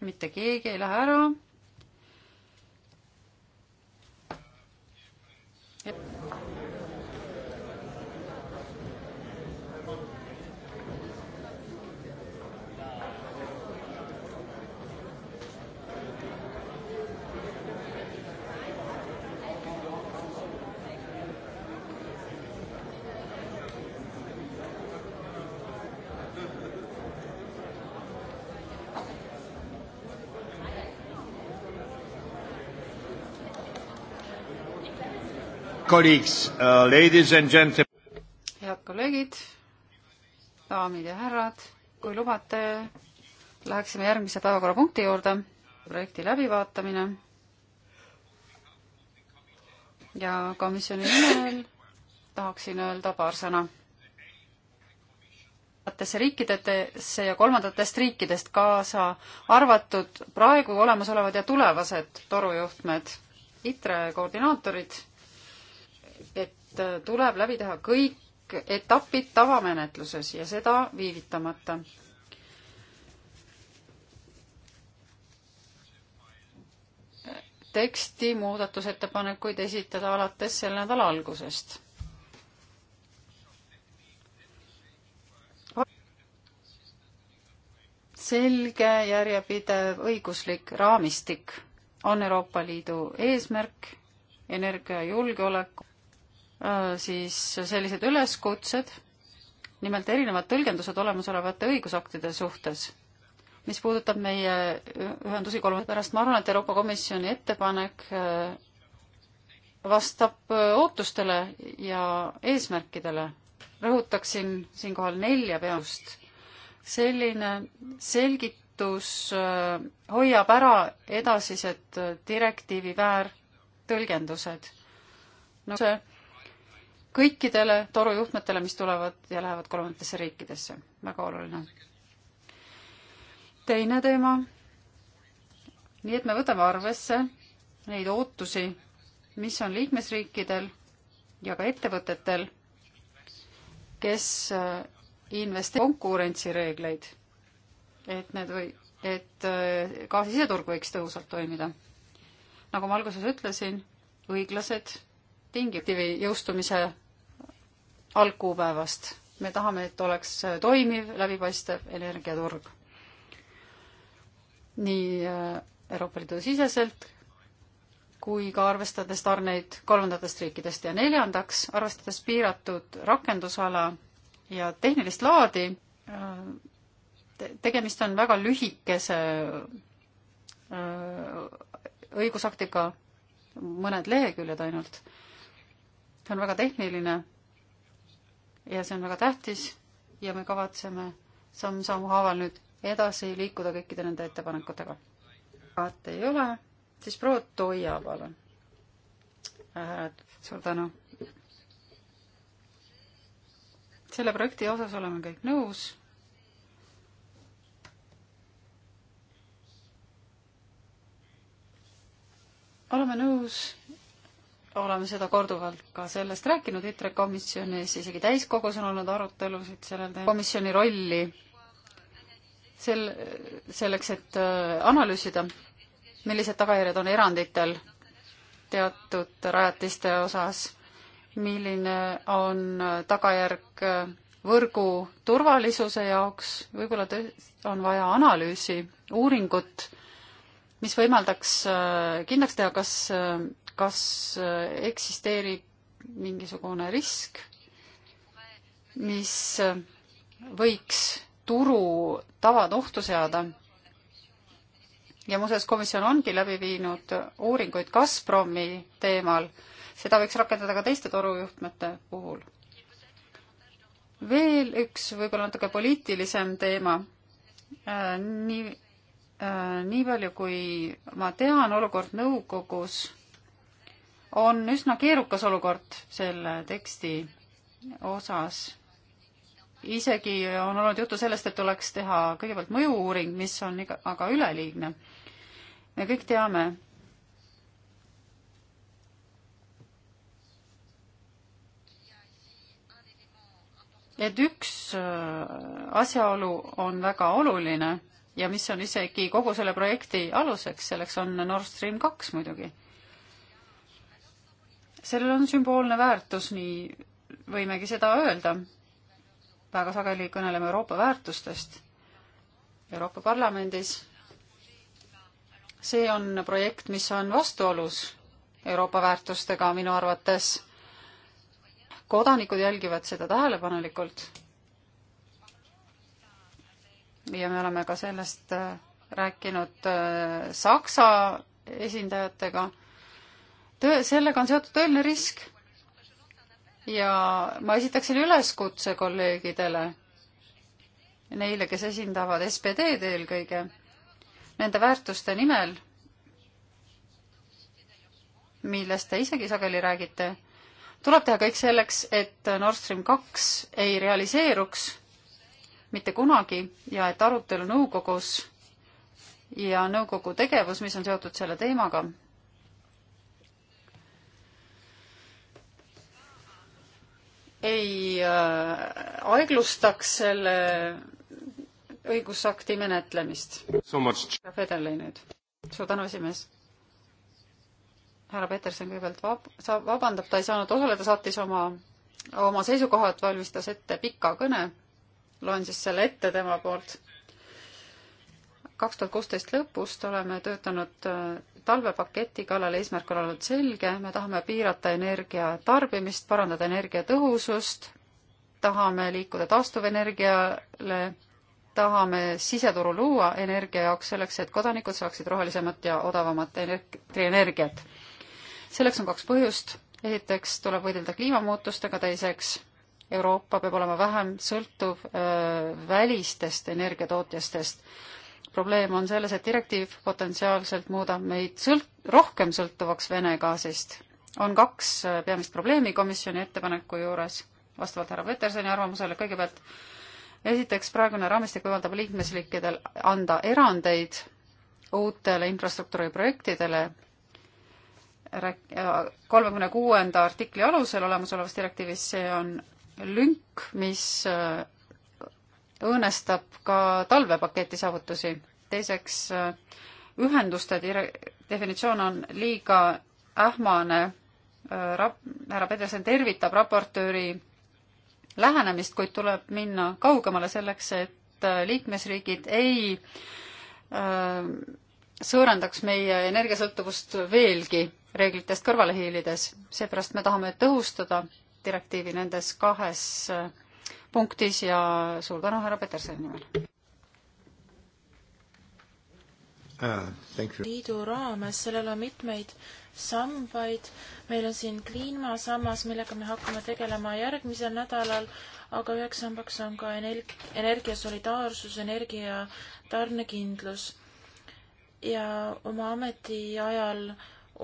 mitte keegi ei lähe ära colleagues, uh, ladies and gentlemen. head kolleegid, daamid ja härrad, kui lubate, läheksime järgmise päevakorrapunkti juurde, projekti läbivaatamine. ja komisjoni nimel tahaksin öelda paar sõna. riikidesse ja kolmandatest riikidest kaasa arvatud praegu olemasolevad ja tulevased torujuhtmed. ITRE koordinaatorid Äh, tuleb läbi teha kõik etapid tavamenetluses ja seda viivitamata. teksti muudatusettepanekuid esitada alates selle nädala algusest selge järjepidev õiguslik raamistik on Euroopa Liidu eesmärk energiajulgeoleku Äh, siis sellised üleskutsed, nimelt erinevad tõlgendused olemasolevate õigusaktide suhtes, mis puudutab meie ühendusi kolme pärast, ma arvan, et Euroopa Komisjoni ettepanek äh, vastab äh, ootustele ja eesmärkidele. rõhutaksin siinkohal nelja peast. selline selgitus hoiab ära edasised direktiivi väärtõlgendused. no see kõikidele torujuhtmetele, mis tulevad ja lähevad kolmandatesse riikidesse. väga oluline. teine teema. nii et me võtame arvesse neid ootusi, mis on liikmesriikidel ja ka ettevõtetel, kes äh, investe- konkurentsireegleid, et need või, et äh, gaasi siseturg võiks tõhusalt toimida. nagu ma alguses ütlesin, õiglased tingi- jõustumise algkuupäevast. me tahame, et oleks toimiv, läbipaistev energiaturg. nii äh, Euroopa Liidu siseselt kui ka arvestades tarneid kolmandatest riikidest ja neljandaks, arvestades piiratud rakendusala ja tehnilist laadi, äh, tegemist on väga lühikese äh, õigusaktiga, mõned leheküljed ainult. see on väga tehniline ja see on väga tähtis ja me kavatseme samm-sammu haaval nüüd edasi liikuda kõikide nende ettepanekutega. vaat ei ole, siis proua Toia, palun äh,. suur tänu. selle projekti osas oleme kõik nõus oleme nõus oleme seda korduvalt ka sellest rääkinud ITRE komisjonis, isegi täiskogus on olnud arutelusid sellel teemal, komisjoni rolli sel-, selleks, et äh, analüüsida, millised tagajärjed on eranditel teatud rajatiste osas, milline on äh, tagajärg äh, võrgu turvalisuse jaoks, võib-olla on vaja analüüsi, uuringut, mis võimaldaks kindlaks teha, kas kas äh, eksisteerib mingisugune risk, mis äh, võiks turu tavad ohtu seada. ja muuseas, komisjon ongi läbi viinud uuringuid Gazpromi teemal, seda võiks rakendada ka teiste torujuhtmete puhul. veel üks võib-olla natuke poliitilisem teema, äh, nii nii palju, kui ma tean, olukord nõukogus on üsna keerukas olukord selle teksti osas. isegi on olnud juttu sellest, et tuleks teha kõigepealt mõju-uuring, mis on iga, aga üleliigne. me kõik teame, et üks äh, asjaolu on väga oluline ja mis on isegi kogu selle projekti aluseks, selleks on Nord Stream kaks muidugi sellel on sümboolne väärtus, nii võimegi seda öelda. väga sageli kõneleme Euroopa väärtustest Euroopa Parlamendis. see on projekt, mis on vastuolus Euroopa väärtustega minu arvates. kodanikud jälgivad seda tähelepanelikult. ja me oleme ka sellest äh, rääkinud äh, Saksa esindajatega töö, sellega on seotud tõeline risk. ja ma esitaksin üleskutse kolleegidele, neile, kes esindavad SPD-d eelkõige, nende väärtuste nimel, millest te isegi sageli räägite, tuleb teha kõik selleks, et Nord Stream kaks ei realiseeruks mitte kunagi ja et arutelu nõukogus ja nõukogu tegevus, mis on seotud selle teemaga, ei äh, aeglustaks selle õigusakti menetlemist. Federley nüüd. suur tänu, esimees. härra Peterson kõigepealt vab-, saab, vabandab, ta ei saanud osaleda, saatis oma, oma seisukohad, valmistas ette pika kõne. loen siis selle ette tema poolt. kaks tuhat kuusteist lõpust oleme töötanud äh, talvepaketi kallal eesmärk on olnud selge, me tahame piirata energia tarbimist, parandada energiatõhusust, tahame liikuda taastuvenergiale, tahame siseturu luua energia jaoks selleks, et kodanikud saaksid rohelisemat ja odavamat elektrienergiat. selleks on kaks põhjust, esiteks tuleb võidelda kliimamuutustega, teiseks Euroopa peab olema vähem sõltuv öö, äh, välistest energiatootjastest probleem on selles, et direktiiv potentsiaalselt muudab meid sõlt-, rohkem sõltuvaks Vene gaasist. on kaks äh, peamist probleemi komisjoni ettepaneku juures, vastavalt härra Petersoni arvamusele, kõigepealt esiteks, praegune raamistik võimaldab liikmesriikidel anda erandeid uutele infrastruktuuriprojektidele, kolmekümne kuuenda artikli alusel olemasolevas direktiivis, see on lünk, mis äh, õõnestab ka talvepaketi saavutusi. teiseks, ühenduste dire-, definitsioon on liiga ähmane, rap-, härra Pedersen tervitab raportööri lähenemist, kuid tuleb minna kaugemale selleks, et liikmesriigid ei äh, sõõrendaks meie energiasõltuvust veelgi reeglitest kõrvale hiilides. seepärast me tahame tõhustada direktiivi nendes kahes äh, punktis ja suur tänu härra Petersoni nimel. Ah, liidu raames, sellel on mitmeid sambaid, meil on siin kliimasammas, millega me hakkame tegelema järgmisel nädalal, aga üheks sambaks on ka energ-, energia solidaarsus, energia tarnekindlus. ja oma ametiajal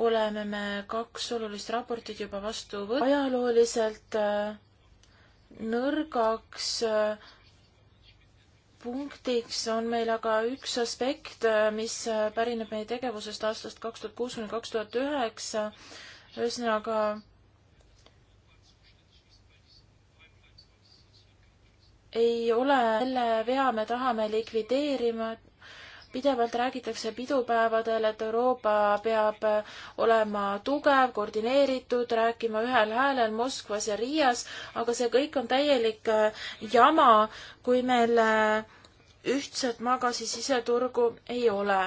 oleme me kaks olulist raportit juba vastu võtnud, ajalooliselt äh, nõrgaks äh, punktiks on meil aga üks aspekt, äh, mis äh, pärineb meie tegevusest aastast kaks tuhat kuus kuni kaks tuhat üheksa. ühesõnaga ei ole selle vea me tahame likvideerima, pidevalt räägitakse pidupäevadel, et Euroopa peab olema tugev, koordineeritud, rääkima ühel häälel Moskvas ja Riias, aga see kõik on täielik äh, jama, kui meil äh, ühtset magasi siseturgu ei ole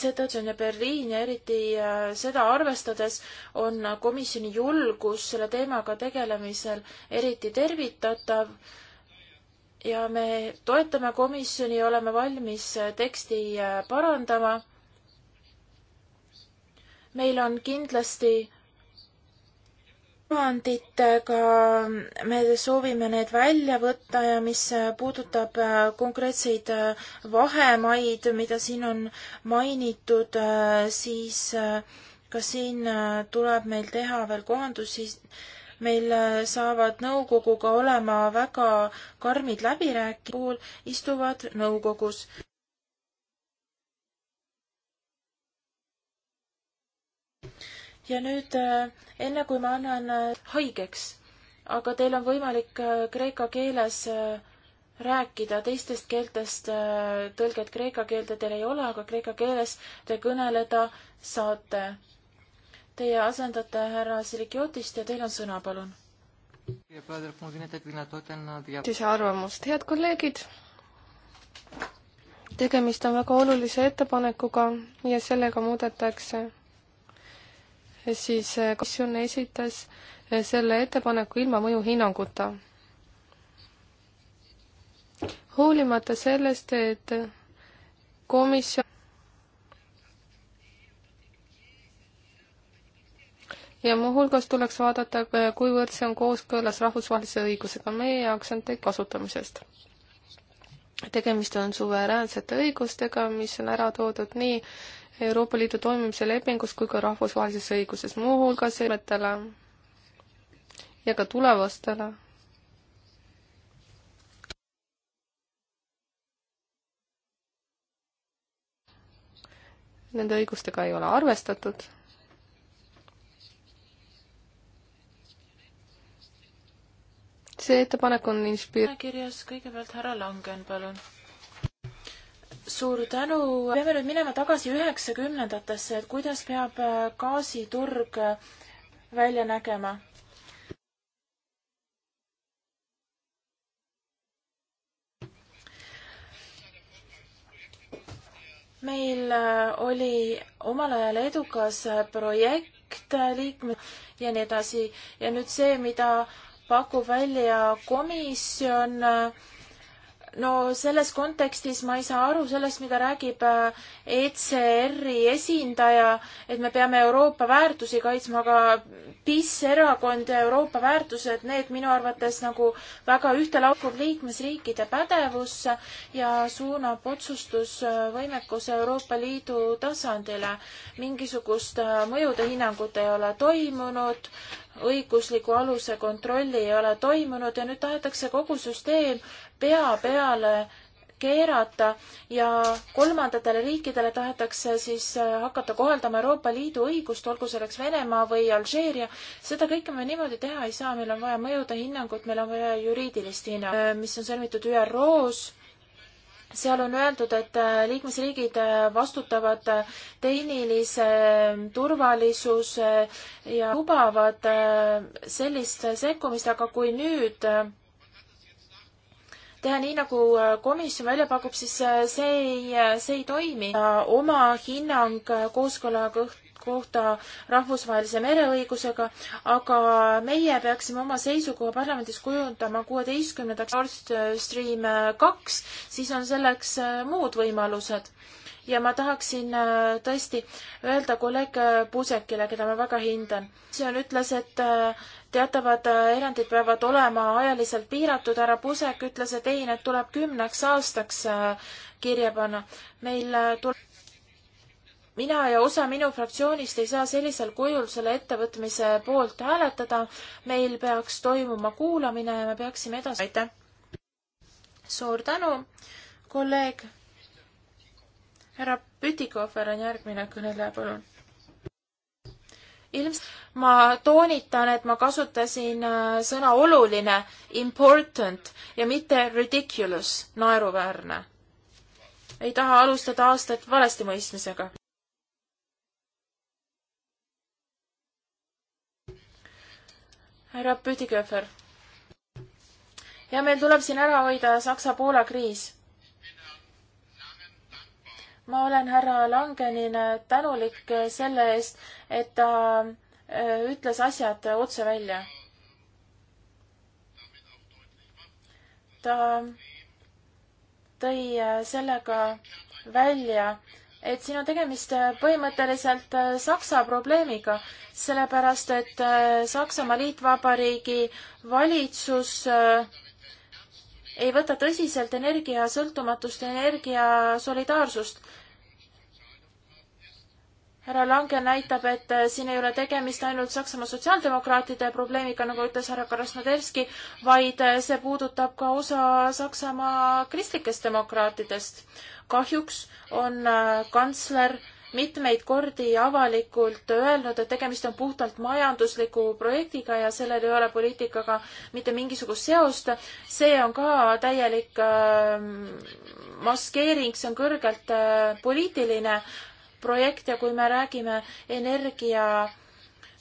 Sedaton ja Berliin ja eriti äh, seda arvestades on komisjoni julgus selle teemaga tegelemisel eriti tervitatav ja me toetame komisjoni ja oleme valmis teksti äh, parandama. meil on kindlasti eranditega, äh, me soovime need välja võtta ja mis äh, puudutab konkreetseid vahemaid, mida siin on mainitud, siis ka siin tuleb meil teha veel kohandusi meil äh, saavad nõukoguga olema väga karmid läbirääkimised, pool istuvad nõukogus. ja nüüd äh, enne kui ma annan äh, haigeks, aga teil on võimalik kreeka keeles rääkida, teistest keeltest tõlget kreeka keelde teil ei ole, aga kreeka keeles te kõneleda saate Teie asendate härra Sirikiotist ja teil on sõna, palun. lisaarvamust, head kolleegid. tegemist on väga olulise ettepanekuga ja sellega muudetakse siis eh, komisjon esitas eh, selle ettepaneku ilma mõjuhinnanguta. hoolimata sellest, et komisjon ja muuhulgas tuleks vaadata, kuivõrd see on kooskõlas rahvusvahelise õigusega meie jaoks NT kasutamisest. tegemist on suveräänsete õigustega, mis on ära toodud nii Euroopa Liidu toimimise lepingus kui ka rahvusvahelises õiguses, muuhulgas eelmetele ja ka tulevastele. Nende õigustega ei ole arvestatud see ettepanek on inspireeriv. kirjas kõigepealt härra Langen, palun. suur tänu, peame nüüd minema tagasi üheksakümnendatesse, et kuidas peab äh, gaasiturg äh, välja nägema? meil äh, oli omal ajal edukas projekt liikmed ja nii edasi ja nüüd see, mida pakub välja komisjon äh, no selles kontekstis ma ei saa aru sellest, mida räägib äh, ECR-i esindaja, et me peame Euroopa väärtusi kaitsma, aga PIS erakond ja Euroopa väärtused, need minu arvates nagu väga ühte laukub liikmesriikide pädevusse ja suunab otsustusvõimekuse äh, Euroopa Liidu tasandile. mingisugust äh, mõjude hinnangut ei ole toimunud, õigusliku aluse kontrolli ei ole toimunud ja nüüd tahetakse kogu süsteem pea peale keerata ja kolmandatele riikidele tahetakse siis äh, hakata kohaldama Euroopa Liidu õigust, olgu selleks Venemaa või Alžeeria. seda kõike me niimoodi teha ei saa, meil on vaja mõjude hinnangut, meil on vaja juriidilist hinnangut, äh, mis on sõlmitud ÜRO-s. seal on öeldud, et äh, liikmesriigid vastutavad tehnilise turvalisuse ja lubavad sellist sekkumist, aga kui nüüd teha nii, nagu äh, komisjon välja pakub, siis äh, see ei, äh, see ei toimi. oma hinnang kooskõla kohta rahvusvahelise mereõigusega, aga meie peaksime oma seisukoha parlamendis kujundama kuueteistkümnendaks Nord Stream kaks, siis on selleks muud võimalused ja ma tahaksin tõesti öelda kolleeg Puusekile, keda ma väga hindan. see on, ütles, et teatavad äh, erandid peavad olema ajaliselt piiratud, härra Pusek ütles, et ei, need tuleb kümneks aastaks äh, kirja panna. meil äh, tuleb mina ja osa minu fraktsioonist ei saa sellisel kujul selle ettevõtmise poolt hääletada. meil peaks toimuma kuulamine ja me peaksime edasi. aitäh! suur tänu, kolleeg. härra Pütikofer on järgmine kõneleja, palun ilmselt ma toonitan, et ma kasutasin äh, sõna oluline, important ja mitte ridiculous, naeruväärne. ei taha alustada aastat valesti mõistmisega. härra Püdiköfer. ja meil tuleb siin ära hoida Saksa-Poola kriis ma olen härra Langenile tänulik selle eest, et ta äh, ütles asjad otse välja. ta tõi äh, sellega välja, et siin on tegemist äh, põhimõtteliselt Saksa probleemiga, sellepärast et Saksamaa Liitvabariigi valitsus äh, ei võta tõsiselt energiasõltumatust ja energiasolidaarsust. härra Lange näitab, et äh, siin ei ole tegemist ainult Saksamaa sotsiaaldemokraatide probleemiga, nagu ütles härra Krasnodelski, vaid äh, see puudutab ka osa Saksamaa kristlikest demokraatidest. kahjuks on äh, kantsler äh, mitmeid kordi avalikult öelnud, et tegemist on puhtalt majandusliku projektiga ja sellel ei ole poliitikaga mitte mingisugust seost. see on ka täielik ähm, maskeering, see on kõrgelt äh, poliitiline projekt ja kui me räägime energia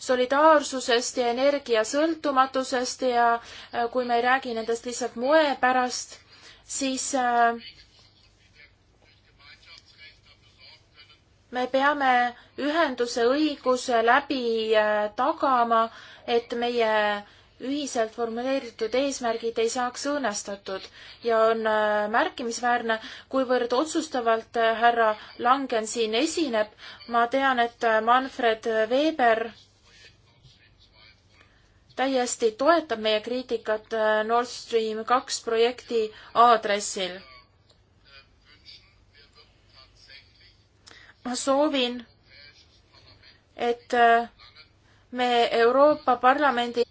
solidaarsusest ja energiasõltumatusest ja äh, kui me ei räägi nendest lihtsalt moe pärast, siis äh, me peame ühenduse õiguse läbi äh, tagama, et meie ühiselt formuleeritud eesmärgid ei saaks õõnestatud ja on äh, märkimisväärne, kuivõrd otsustavalt äh, härra Langen siin esineb. ma tean, et Manfred Weber täiesti toetab meie kriitikat Nord Stream kaks projekti aadressil ma soovin, et äh, me Euroopa Parlamendi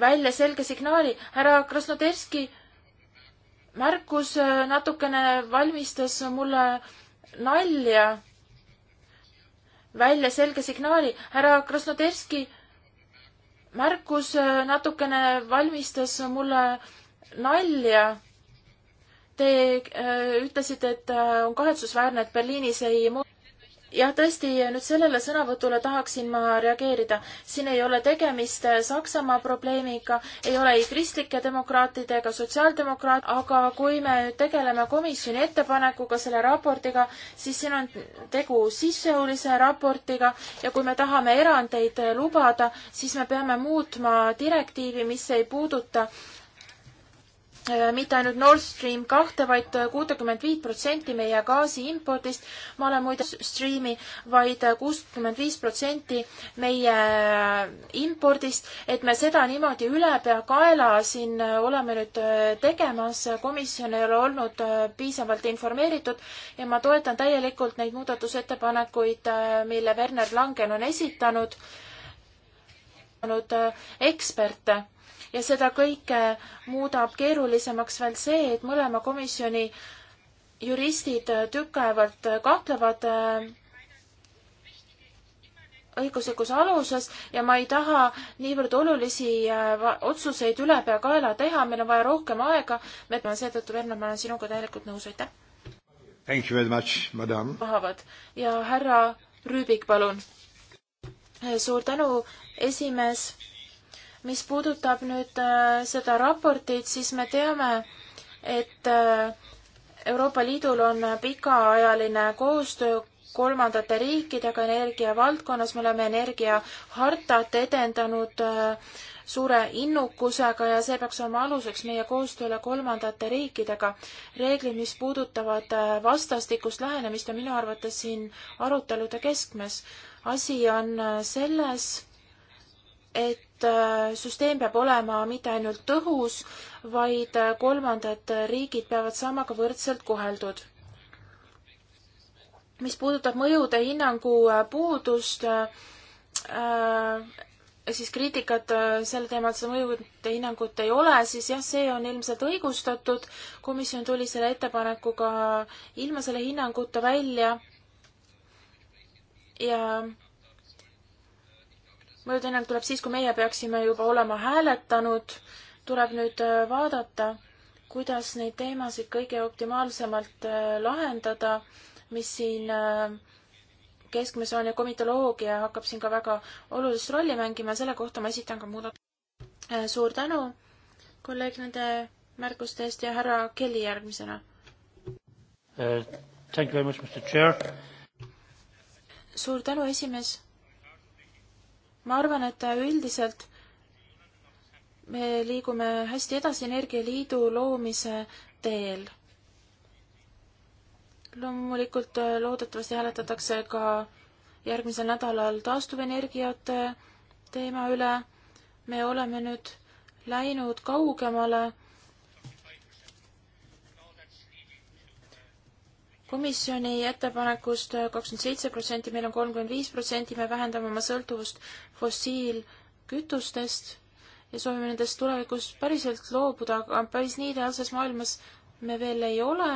välja selge signaali. härra Krasnoderski märkus äh, natukene valmistas mulle nalja. välja selge signaali. härra Krasnoderski märkus äh, natukene valmistas mulle nalja. Te äh, ütlesite, et äh, on kahetsusväärne, et Berliinis ei mu- jah, tõesti, nüüd sellele sõnavõtule tahaksin ma reageerida. siin ei ole tegemist Saksamaa probleemiga, ei ole ei kristlike demokraatide ega sotsiaaldemokraat, aga kui me nüüd tegeleme komisjoni ettepanekuga, selle raportiga, siis siin on tegu sisseulise raportiga ja kui me tahame erandeid lubada, siis me peame muutma direktiivi, mis ei puuduta äh, Äh, mitte ainult Nord Stream kahte vaid, vaid kuutekümmend viit protsenti meie gaasi impordist. ma olen muide Streami vaid kuuskümmend viis protsenti meie äh, impordist, et me seda niimoodi ülepeakaela siin äh, oleme nüüd tegemas. komisjon ei ole olnud piisavalt informeeritud ja ma toetan täielikult neid muudatusettepanekuid, mille Werner Langen on esitanud, eksperte ja seda kõike muudab keerulisemaks veel see, et mõlema komisjoni juristid tükkaevalt kahtlevad äh, õiguslikus aluses ja ma ei taha niivõrd olulisi äh, otsuseid ülepeakaela teha, meil on vaja rohkem aega, me peame seetõttu, Verno, ma olen sinuga täielikult nõus, aitäh! Thank you very much, madam! tahavad ja härra Rüübik, palun! suur tänu, esimees! mis puudutab nüüd äh, seda raportit, siis me teame, et äh, Euroopa Liidul on pikaajaline koostöö kolmandate riikidega energia valdkonnas, me oleme energiahartat edendanud äh, suure innukusega ja see peaks olema aluseks meie koostööle kolmandate riikidega. reeglid, mis puudutavad vastastikust lähenemist, on minu arvates siin arutelude keskmes. asi on selles, et äh, süsteem peab olema mitte ainult tõhus, vaid äh, kolmandad riigid peavad saama ka võrdselt koheldud. mis puudutab mõjude hinnangu äh, puudust, siis kriitikat selle teemal, et seda mõjude hinnangut ei ole, siis jah, see on ilmselt õigustatud. komisjon tuli selle ettepanekuga ilma selle hinnanguta välja ja mõjude hinnang tuleb siis, kui meie peaksime juba olema hääletanud. tuleb nüüd äh, vaadata, kuidas neid teemasid kõige optimaalsemalt äh, lahendada, mis siin äh, keskmes on ja komitoloogia hakkab siin ka väga olulist rolli mängima ja selle kohta ma esitan ka muudat-. suur tänu, kolleeg, nende märkuste eest ja härra Kelly järgmisena uh,. Thank you very much, Mr Chair. suur tänu, esimees ma arvan, et üldiselt me liigume hästi edasi Energialiidu loomise teel. loomulikult äh, loodetavasti hääletatakse ka järgmisel nädalal taastuvenergiate teema üle. me oleme nüüd läinud kaugemale komisjoni ettepanekust kakskümmend seitse protsenti, meil on kolmkümmend viis protsenti, me vähendame oma sõltuvust fossiilkütustest ja soovime nendest tulevikus päriselt loobuda, aga päris nii reaalses maailmas me veel ei ole.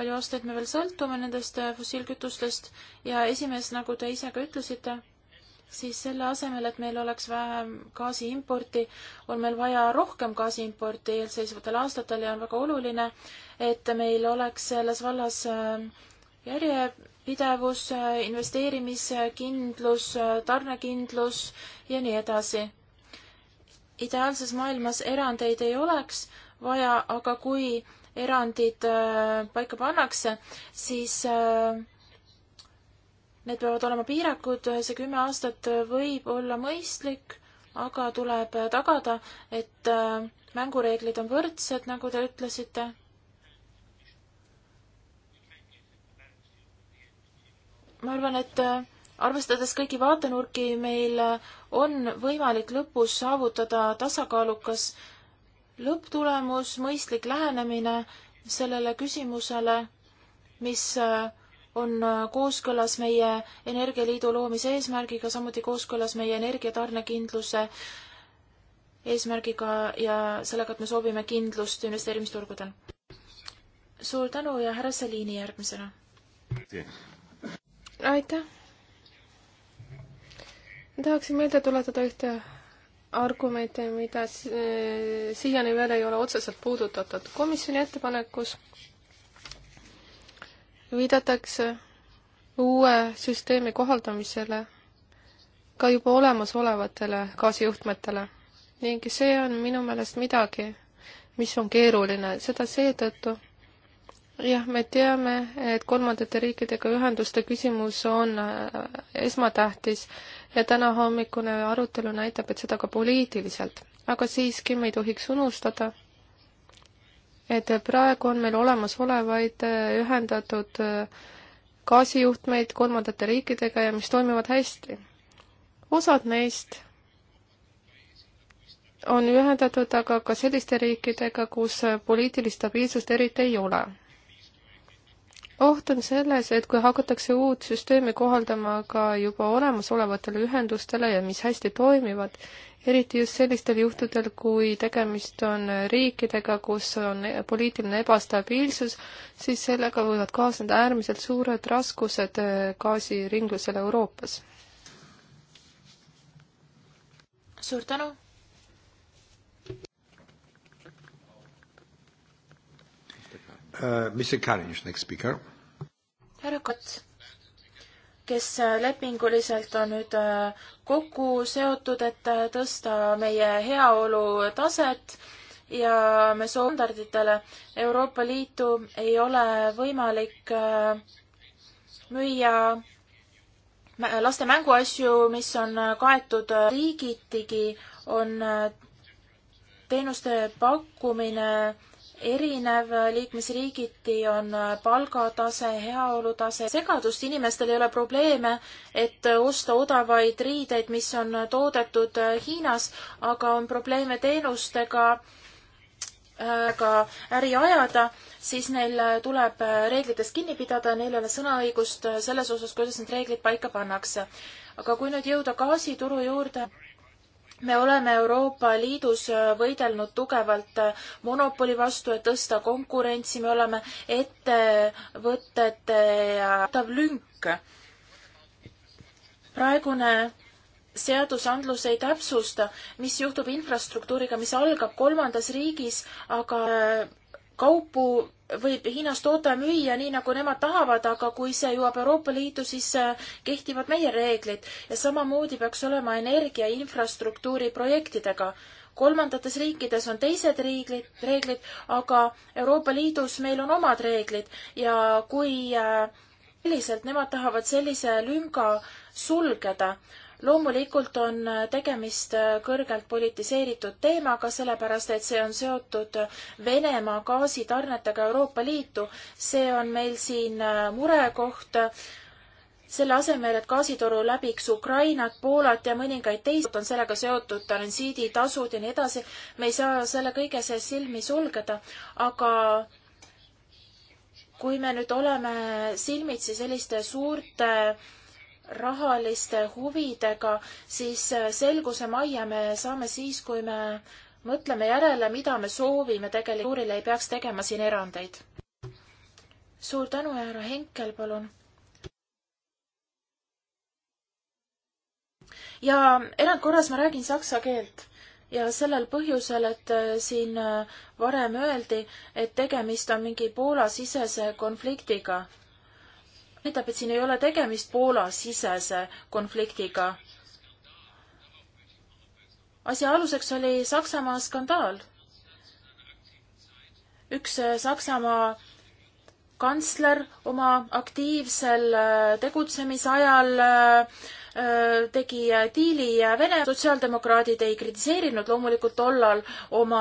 palju aastaid me veel sõltume nendest fossiilkütustest ja esimees, nagu te ise ka ütlesite siis selle asemel, et meil oleks vähem gaasi importi, on meil vaja rohkem gaasi importi eelseisvatel aastatel ja on väga oluline, et meil oleks selles vallas äh, järjepidevus, äh, investeerimiskindlus, äh, tarnekindlus ja nii edasi. ideaalses maailmas erandeid ei oleks vaja, aga kui erandid paika pannakse, siis äh, Need peavad olema piirakud, see kümme aastat võib olla mõistlik, aga tuleb tagada, et äh, mängureeglid on võrdsed, nagu te ütlesite. ma arvan, et äh, arvestades kõiki vaatenurki, meil äh, on võimalik lõpus saavutada tasakaalukas lõpptulemus, mõistlik lähenemine sellele küsimusele, mis on äh, kooskõlas meie Energialiidu loomise eesmärgiga, samuti kooskõlas meie energiatarnekindluse eesmärgiga ja sellega, et me soovime kindlust investeerimisturgudel. suur tänu ja härra Selini järgmisena. aitäh. ma tahaksin meelde tuletada ühte argumente, mida äh, siiani veel ei ole otseselt puudutatud. komisjoni ettepanekus viidatakse uue süsteemi kohaldamisele ka juba olemasolevatele gaasijuhtmetele ning see on minu meelest midagi, mis on keeruline, seda seetõttu, jah, me teame, et kolmandate riikidega ühenduste küsimus on äh, esmatähtis ja tänahommikune arutelu näitab, et seda ka poliitiliselt. aga siiski me ei tohiks unustada, et praegu on meil olemasolevaid äh, ühendatud äh, gaasijuhtmeid kolmandate riikidega ja mis toimivad hästi. osad neist on ühendatud aga ka selliste riikidega, kus poliitilist stabiilsust eriti ei ole oht on selles, et kui hakatakse uut süsteemi kohaldama ka juba olemasolevatele ühendustele ja mis hästi toimivad, eriti just sellistel juhtudel, kui tegemist on riikidega, kus on poliitiline ebastabiilsus, siis sellega võivad kaasneda äärmiselt suured raskused äh, gaasiringlusele Euroopas. suur tänu Uh, Mr Karinš, next speaker. härra Kots, kes uh, lepinguliselt on nüüd uh, kokku seotud, et tõsta meie heaolu taset ja me standarditele Euroopa Liitu ei ole võimalik müüa laste mänguasju, mis on kaetud riigitigi, on teenuste pakkumine erinev liikmesriigiti on palgatase, heaolutase, segadust, inimestel ei ole probleeme, et osta odavaid riideid, mis on toodetud Hiinas, aga on probleeme teenustega, äh, ka äri ajada, siis neil tuleb reeglitest kinni pidada, neil ei ole sõnaõigust selles osas, kuidas need reeglid paika pannakse. aga kui nüüd jõuda gaasituru juurde me oleme Euroopa Liidus äh, võidelnud tugevalt äh, monopoli vastu, et tõsta konkurentsi, me oleme ettevõtete teatav lünk. praegune seadusandlus ei täpsusta, mis juhtub infrastruktuuriga, mis algab kolmandas riigis, aga äh, kaupu võib Hiinas toota ja müüa nii, nagu nemad tahavad, aga kui see jõuab Euroopa Liitu, siis äh, kehtivad meie reeglid ja samamoodi peaks olema energia infrastruktuuri projektidega. kolmandates riikides on teised riiglid, reeglid, aga Euroopa Liidus meil on omad reeglid ja kui selliselt äh, nemad tahavad sellise lünga sulgeda, loomulikult on tegemist kõrgelt politiseeritud teemaga, sellepärast et see on seotud Venemaa gaasitarnetega Euroopa Liitu. see on meil siin murekoht. selle asemel, et gaasitoru läbiks Ukrainat, Poolat ja mõningaid teisi, on sellega seotud transiiditasud ja nii edasi. me ei saa selle kõige sees silmi sulgeda, aga kui me nüüd oleme silmitsi selliste suurte rahaliste huvidega, siis äh, selguse majja me saame siis, kui me mõtleme järele, mida me soovime tegelikult, uurile ei peaks tegema siin erandeid. suur tänu, härra Henkel, palun ja erandkorras ma räägin saksa keelt ja sellel põhjusel, et äh, siin äh, varem öeldi, et tegemist on mingi Poola-sisese konfliktiga näitab, et siin ei ole tegemist Poola-sisese konfliktiga. asja aluseks oli Saksamaa skandaal. üks äh, Saksamaa kantsler oma aktiivsel tegutsemisajal äh, Äh, tegi äh, diili Vene sotsiaaldemokraadid ei kritiseerinud loomulikult tollal oma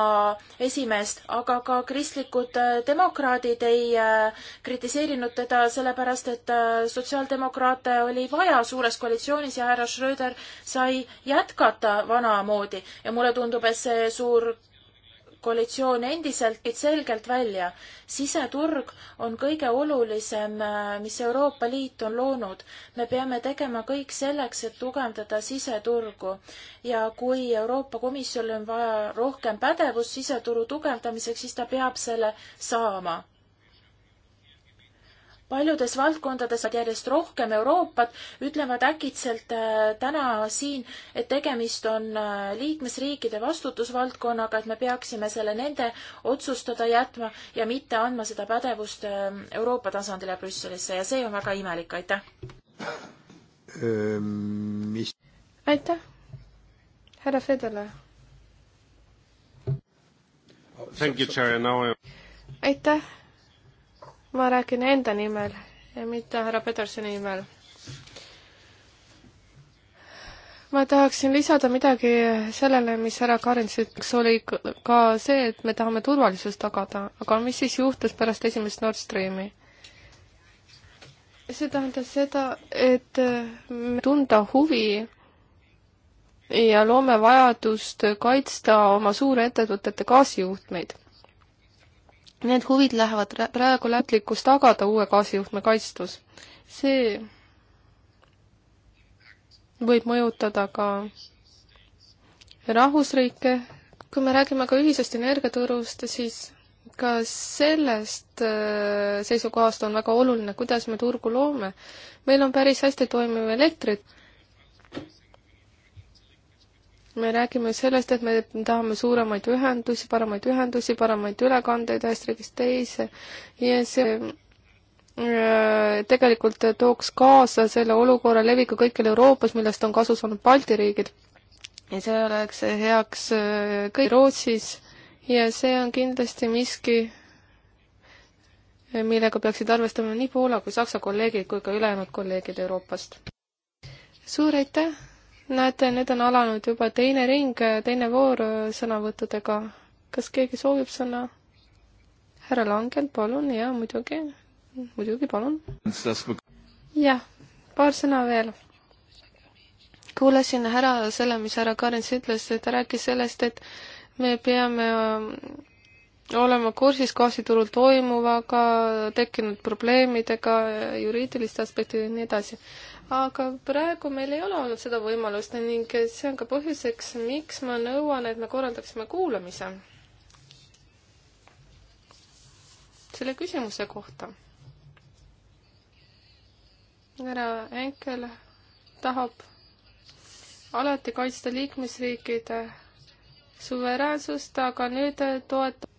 esimeest, aga ka kristlikud äh, demokraadid ei kritiseerinud teda sellepärast, et sotsiaaldemokraate oli vaja suures koalitsioonis ja härra Schröder sai jätkata vanamoodi ja mulle tundub, et see suur koalitsioon endiselt selgelt välja. siseturg on kõige olulisem, äh, mis Euroopa Liit on loonud. me peame tegema kõik selleks, et tugevdada siseturgu ja kui Euroopa Komisjonil on vaja rohkem pädevust siseturu tugevdamiseks, siis ta peab selle saama paljudes valdkondades järjest rohkem Euroopat, ütlevad äkitselt äh, täna siin, et tegemist on äh, liikmesriikide vastutusvaldkonnaga, et me peaksime selle nende otsustada jätma ja mitte andma seda pädevust ähm, Euroopa tasandile Brüsselisse ja see on väga imelik, aitäh! Ähm, mis? aitäh! härra Federle! aitäh! ma räägin enda nimel ja mitte härra Petersoni nimel. ma tahaksin lisada midagi sellele, mis härra Karins ütles, oli ka see, et me tahame turvalisust tagada, aga mis siis juhtus pärast esimest Nord Streami? see tähendas seda, et tunda huvi ja loome vajadust kaitsta oma suurettevõtete gaasijuhtmeid Need huvid lähevad praegu lätlikus tagada uue gaasijuhtme kaitstus. see võib mõjutada ka rahvusriike. kui me räägime ka ühisest energiaturust, siis ka sellest äh, seisukohast on väga oluline, kuidas me turgu loome. meil on päris hästi toimiv elektrit me räägime sellest, et me tahame suuremaid ühendusi, paremaid ühendusi, paremaid ülekandeid ühest riigist teise ja see äh, tegelikult tooks kaasa selle olukorra leviku kõikjal Euroopas, millest on kasu saanud Balti riigid. ja see oleks heaks äh, kõik Rootsis ja see on kindlasti miski, äh, millega peaksid arvestama nii Poola kui Saksa kolleegid kui ka ülejäänud kolleegid Euroopast. suur aitäh! näete, nüüd on alanud juba teine ring, teine voor sõnavõttudega. kas keegi soovib sõna? härra Langel, palun, jaa, muidugi, muidugi, palun. jah, paar sõna veel. kuulasin ära selle, mis härra Karins ütles, ta rääkis sellest, et me peame ähm, olema kursis gaasiturul toimuvaga, tekkinud probleemidega, juriidiliste aspektidega ja nii edasi aga praegu meil ei ole olnud seda võimalust ning see on ka põhjuseks, miks ma nõuan, et me korraldaksime kuulamise selle küsimuse kohta. härra Enkel tahab alati kaitsta liikmesriikide suveräänsust, aga nüüd toetab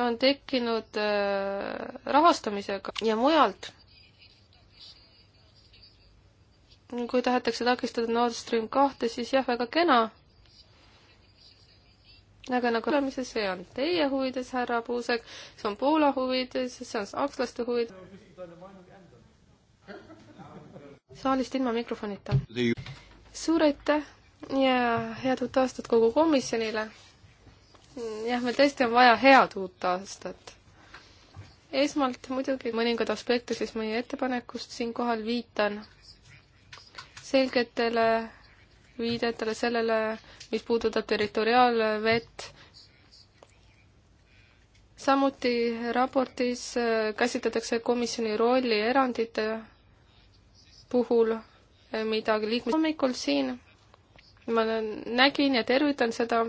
on tekkinud äh, rahastamisega ja mujalt. kui tahetakse takistada Nord Stream kahte, siis jah, väga kena. aga nagu olemises, see on teie huvides, härra Puusek, see on Poola huvides, see on sakslaste huvides. saalist ilma mikrofonita. suur aitäh ja head uut aastat kogu komisjonile jah, meil tõesti on vaja head uut aastat. esmalt muidugi mõningad aspekte siis meie ettepanekust siinkohal viitan selgetele viidetele sellele, mis puudutab territoriaalvett. samuti raportis käsitletakse komisjoni rolli erandite puhul, mida liikmes hommikul siin ma nägin ja tervitan seda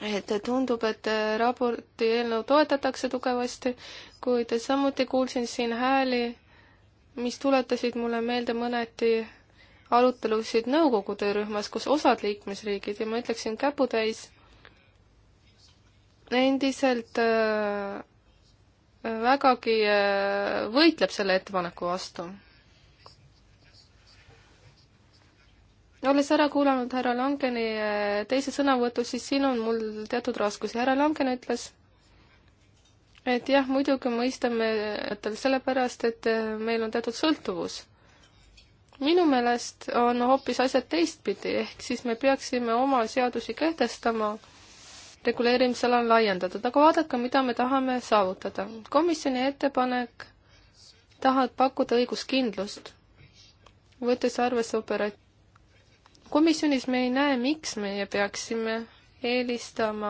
et tundub, et äh, raporti eelnõu toetatakse tugevasti, kuid samuti kuulsin siin hääli, mis tuletasid mulle meelde mõneti arutelusid nõukogu töörühmas, kus osad liikmesriigid ja ma ütleksin käputäis, endiselt äh, vägagi äh, võitleb selle ettepaneku vastu olles ära kuulanud härra Langeni äh, teise sõnavõtu, siis siin on mul teatud raskusi. härra Langen ütles, et jah, muidugi mõistame tal sellepärast, et äh, meil on teatud sõltuvus. minu meelest on hoopis asjad teistpidi, ehk siis me peaksime oma seadusi kehtestama, reguleerimisala on laiendatud, aga vaadake, mida me tahame saavutada. komisjoni ettepanek tahab pakkuda õiguskindlust, võttes arvesse opera-, komisjonis me ei näe, miks meie peaksime eelistama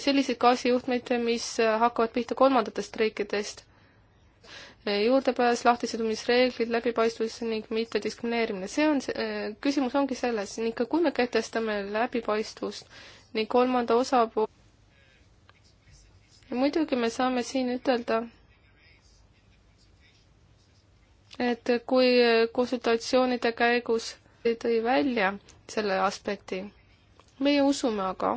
selliseid gaasijuhtmeid, mis hakkavad pihta kolmandatest riikidest. juurdepääs, lahtisidumisreeglid, läbipaistvus ning mittediskrimineerimine, see on, eh, küsimus ongi selles ning kui me kehtestame läbipaistvust ning kolmanda osapool-. muidugi me saame siin ütelda, et kui konsultatsioonide käigus tõi välja selle aspekti. meie usume aga,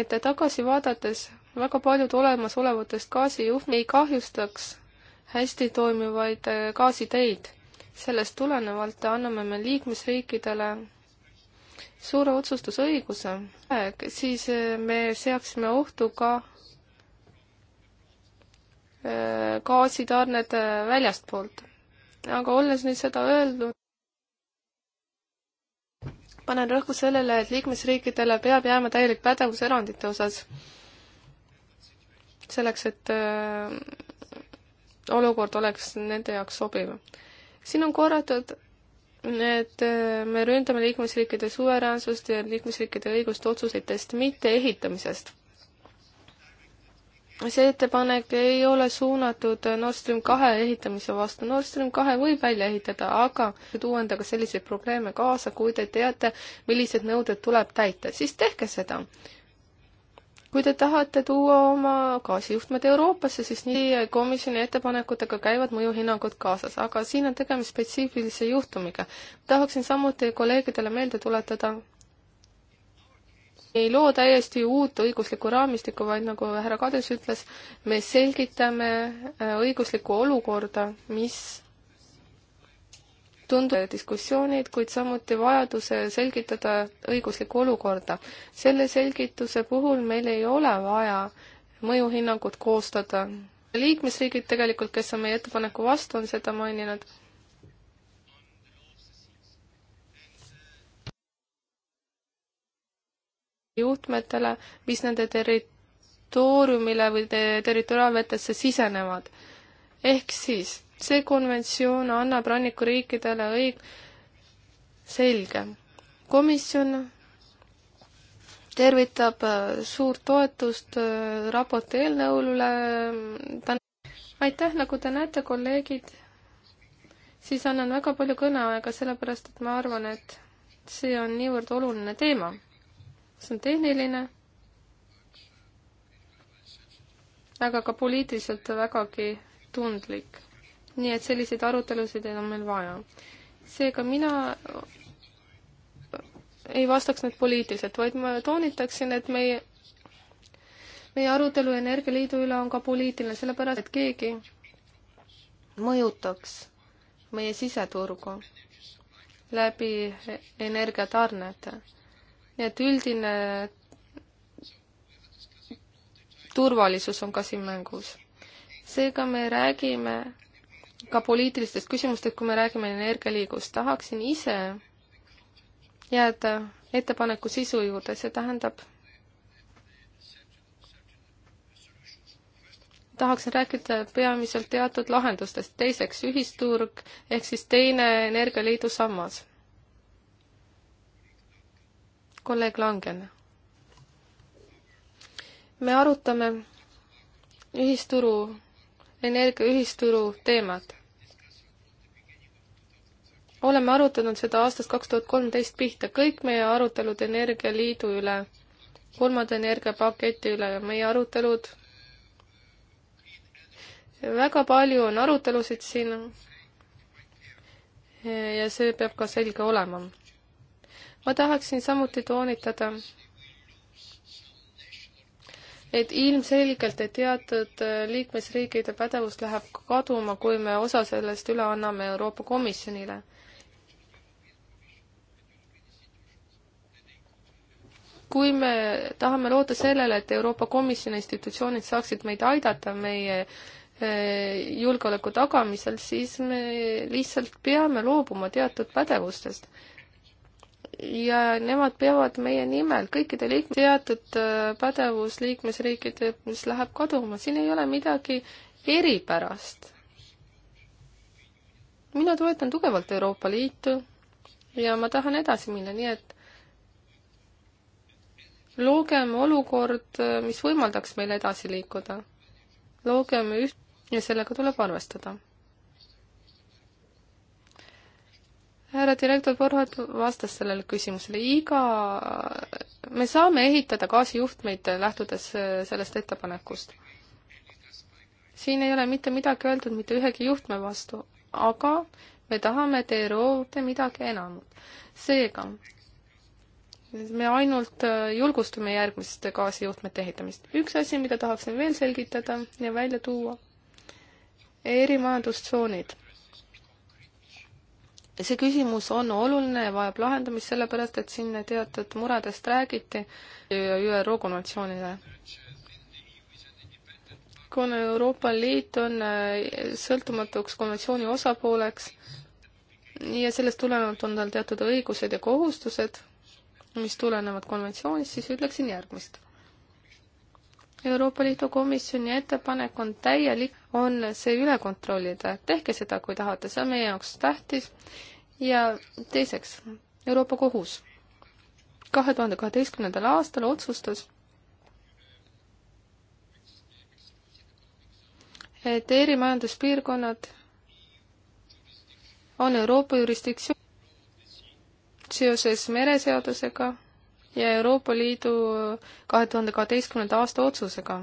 et tagasi vaadates väga paljud olemasolevatest gaasijuhtme ei kahjustaks hästi toimivaid äh, gaasiteid. sellest tulenevalt anname me liikmesriikidele suure otsustusõiguse, äh, siis äh, me seaksime ohtu ka gaasitarned väljastpoolt aga olles nüüd seda öeldud, panen rõhku sellele, et liikmesriikidele peab jääma täielik pädevus erandite osas. selleks, et äh, olukord oleks nende jaoks sobiv. siin on korratud, et äh, me ründame liikmesriikide suveräänsust ja liikmesriikide õigust otsuseid teha, mitte ehitamisest see ettepanek ei ole suunatud Nord Stream kahe ehitamise vastu. Nord Stream kahe võib välja ehitada, aga tuua endaga selliseid probleeme kaasa, kui te teate, millised nõuded tuleb täita, siis tehke seda. kui te tahate tuua oma gaasijuhtmed Euroopasse, siis nii komisjoni ettepanekutega käivad mõjuhinnangud kaasas, aga siin on tegemist spetsiifilise juhtumiga. tahaksin samuti kolleegidele meelde tuletada ei loo täiesti uut õiguslikku raamistikku, vaid nagu härra Kades ütles, me selgitame äh, õiguslikku olukorda, mis tunduvad diskussioonid, kuid samuti vajaduse selgitada õiguslikku olukorda. selle selgituse puhul meil ei ole vaja mõjuhinnangut koostada. liikmesriigid tegelikult, kes on meie ettepaneku vastu, on seda maininud juhtmetele, mis nende territooriumile või te territoriaalvetesse sisenevad. ehk siis see konventsioon annab rannikuriikidele õig-, selge. komisjon tervitab äh, suurt toetust äh, raporti eelnõule. Äh, aitäh, nagu te näete, kolleegid, siis annan väga palju kõneaega, sellepärast et ma arvan, et see on niivõrd oluline teema see on tehniline, aga ka poliitiliselt vägagi tundlik. nii et selliseid arutelusid on meil vaja. seega mina ei vastaks nüüd poliitiliselt, vaid ma toonitaksin, et meie, meie arutelu Energialiidu üle on ka poliitiline, sellepärast et keegi mõjutaks meie siseturgu läbi energiatarnete nii et üldine turvalisus on ka siin mängus. seega me räägime ka poliitilistest küsimustest, kui me räägime energialiigust. tahaksin ise jääda ettepaneku sisu juurde, see tähendab, tahaksin rääkida peamiselt teatud lahendustest. teiseks, ühisturg ehk siis teine energialiidu sammas kolleeg Langen. me arutame ühisturu, energia ühisturu teemat. oleme arutanud seda aastast kaks tuhat kolmteist pihta, kõik meie arutelud Energialiidu üle, kolmanda energiapaketi üle ja meie arutelud, väga palju on arutelusid siin ja see peab ka selge olema ma tahaksin samuti toonitada, et ilmselgelt, et teatud äh, liikmesriikide pädevus läheb kaduma, kui me osa sellest üle anname Euroopa Komisjonile. kui me tahame loota sellele, et Euroopa Komisjoni institutsioonid saaksid meid aidata meie äh, julgeoleku tagamisel, siis me lihtsalt peame loobuma teatud pädevustest ja nemad peavad meie nimel kõikide liik-, teatud äh, pädevus liikmesriikide, mis läheb kaduma, siin ei ole midagi eripärast. mina toetan tugevalt Euroopa Liitu ja ma tahan edasi minna, nii et loogem olukord, äh, mis võimaldaks meil edasi liikuda. loogem üht- ja sellega tuleb arvestada härra direktor Borhat vastas sellele küsimusele, iga, me saame ehitada gaasijuhtmeid, lähtudes äh, sellest ettepanekust. siin ei ole mitte midagi öeldud mitte ühegi juhtme vastu, aga me tahame TRO-de midagi enamat. seega, me ainult äh, julgustame järgmiste gaasijuhtmete ehitamist. üks asi, mida tahaksin veel selgitada ja välja tuua, erimajandustsoonid see küsimus on oluline ja vajab lahendamist, sellepärast et siin teatud muredest räägiti ÜRO konventsioonile. kuna Euroopa Liit on äh, sõltumatuks konventsiooni osapooleks ja sellest tulenevalt on tal teatud õigused ja kohustused, mis tulenevad konventsioonist, siis ütleksin järgmist Euroopa Liidu Komisjoni ettepanek on täielik, on see üle kontrollida, tehke seda, kui tahate, see on meie jaoks tähtis. ja teiseks, Euroopa Kohus kahe tuhande kaheteistkümnendal aastal otsustas, et erimajanduspiirkonnad on Euroopa jurisdiktsioon seoses mereseadusega ja Euroopa Liidu kahe tuhande kaheteistkümnenda aasta otsusega.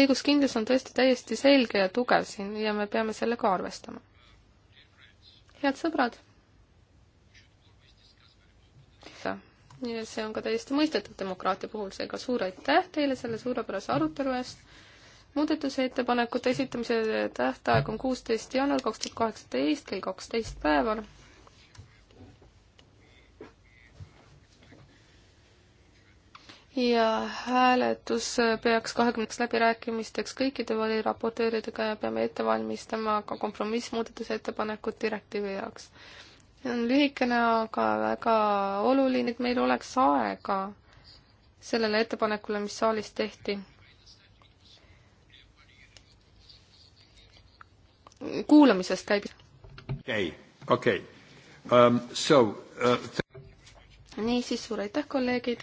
õiguskindlus on tõesti täiesti selge ja tugev siin ja me peame sellega arvestama. head sõbrad! ja see on ka täiesti mõistetav demokraatia puhul, seega suur aitäh teile selle suurepärase arutelu eest muudatusettepanekute esitamise tähtaeg on kuusteist jaanuar kaks tuhat kaheksateist kell kaksteist päeval. ja hääletus peaks kahekümneks läbirääkimisteks kõikide valiraportööridega ja peame ette valmistama ka kompromissmuudatusettepanekud direktiivi jaoks. see on lühikene, aga väga oluline, et meil oleks aega sellele ettepanekule, mis saalis tehti. kuulamisest käib. okei, okei. Um, uh, niisiis, suur aitäh, kolleegid!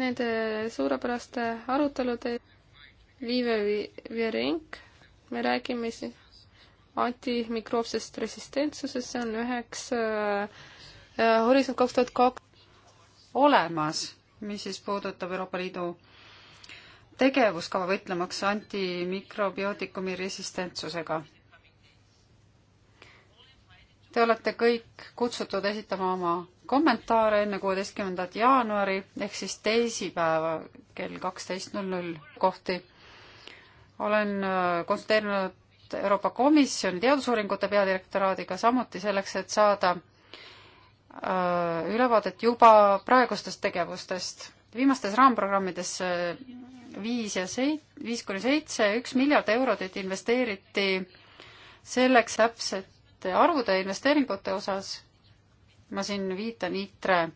nende suurepäraste arutelude Liive Vierink, me räägime siin antimikroopsest resistentsusest, see on üheks äh, äh, Horisont kaks tuhat kaks olemas, mis siis puudutab Euroopa Liidu tegevuskava võitlemaks antimikrobiotikumi resistentsusega. Te olete kõik kutsutud esitama oma kommentaare enne kuueteistkümnendat jaanuari ehk siis teisipäeva kell kaksteist null null kohti. olen äh, konsulteerinud Euroopa Komisjoni teadusuuringute peadirektoraadiga samuti selleks, et saada äh, ülevaadet juba praegustest tegevustest. viimastes raamprogrammides äh, viis ja seit-, viis kuni seitse, üks miljard eurot investeeriti selleks täpsete arvude investeeringute osas ma siin viitan ITRE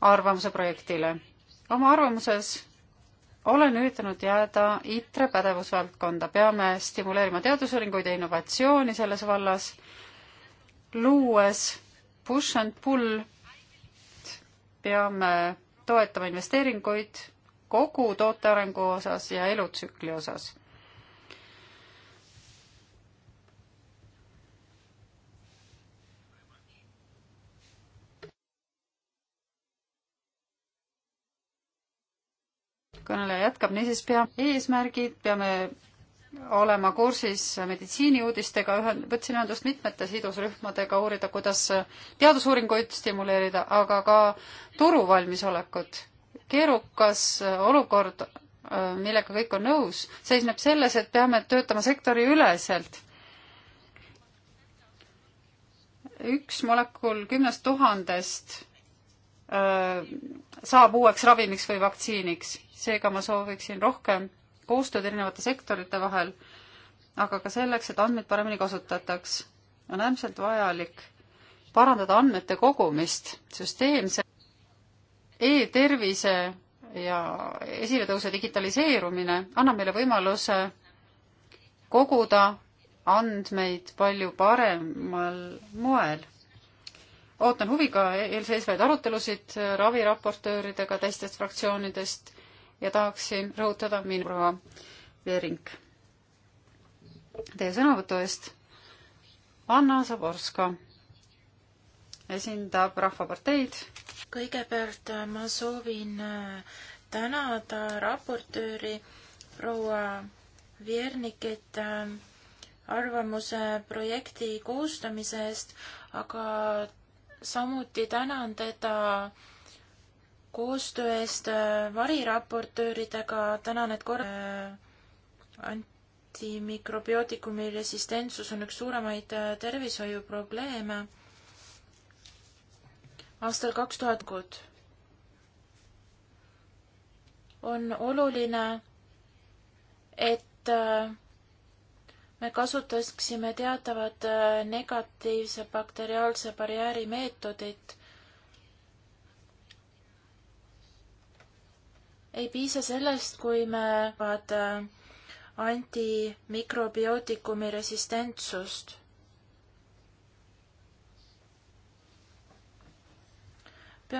arvamuse projektile. oma arvamuses olen üritanud jääda ITRE pädevusvaldkonda, peame stimuleerima teadusuuringuid ja innovatsiooni selles vallas, luues push and pull, peame toetama investeeringuid kogu tootearengu osas ja elutsükli osas. kõneleja jätkab, niisiis peame eesmärgid, peame olema kursis meditsiiniuudistega, ühel, võtsin ühendust mitmete sidusrühmadega uurida, kuidas teadusuuringuid stimuleerida, aga ka turu valmisolekut. keerukas olukord, millega kõik on nõus, seisneb selles, et peame töötama sektoriüleselt. üks molekul kümnest tuhandest Äh, saab uueks ravimiks või vaktsiiniks. seega ma sooviksin rohkem koostööd erinevate sektorite vahel, aga ka selleks, et andmeid paremini kasutataks, on äärmiselt vajalik parandada andmete kogumist süsteemse e-tervise ja esiletõuse digitaliseerumine annab meile võimaluse koguda andmeid palju paremal moel ootan huviga eelseisvaid arutelusid raviraportööridega teistest fraktsioonidest ja tahaksin rõhutada minu proua Veering. Teie sõnavõtu eest. Anna Zaborska esindab Rahvaparteid. kõigepealt ma soovin äh, tänada raportööri proua Viernikit äh, arvamuse projekti koostamise eest, aga samuti tänan teda koostöö eest äh, variraportööridega, tänan, et kord- äh, antimikrobioootikumi resistentsus on üks suuremaid äh, tervishoiuprobleeme. aastal kaks tuhat kuud on oluline, et me kasutaksime teatavat äh, negatiivse bakteriaalse barjääri meetodit. ei piisa sellest, kui me vaat äh, antimikrobiootikumi resistentsust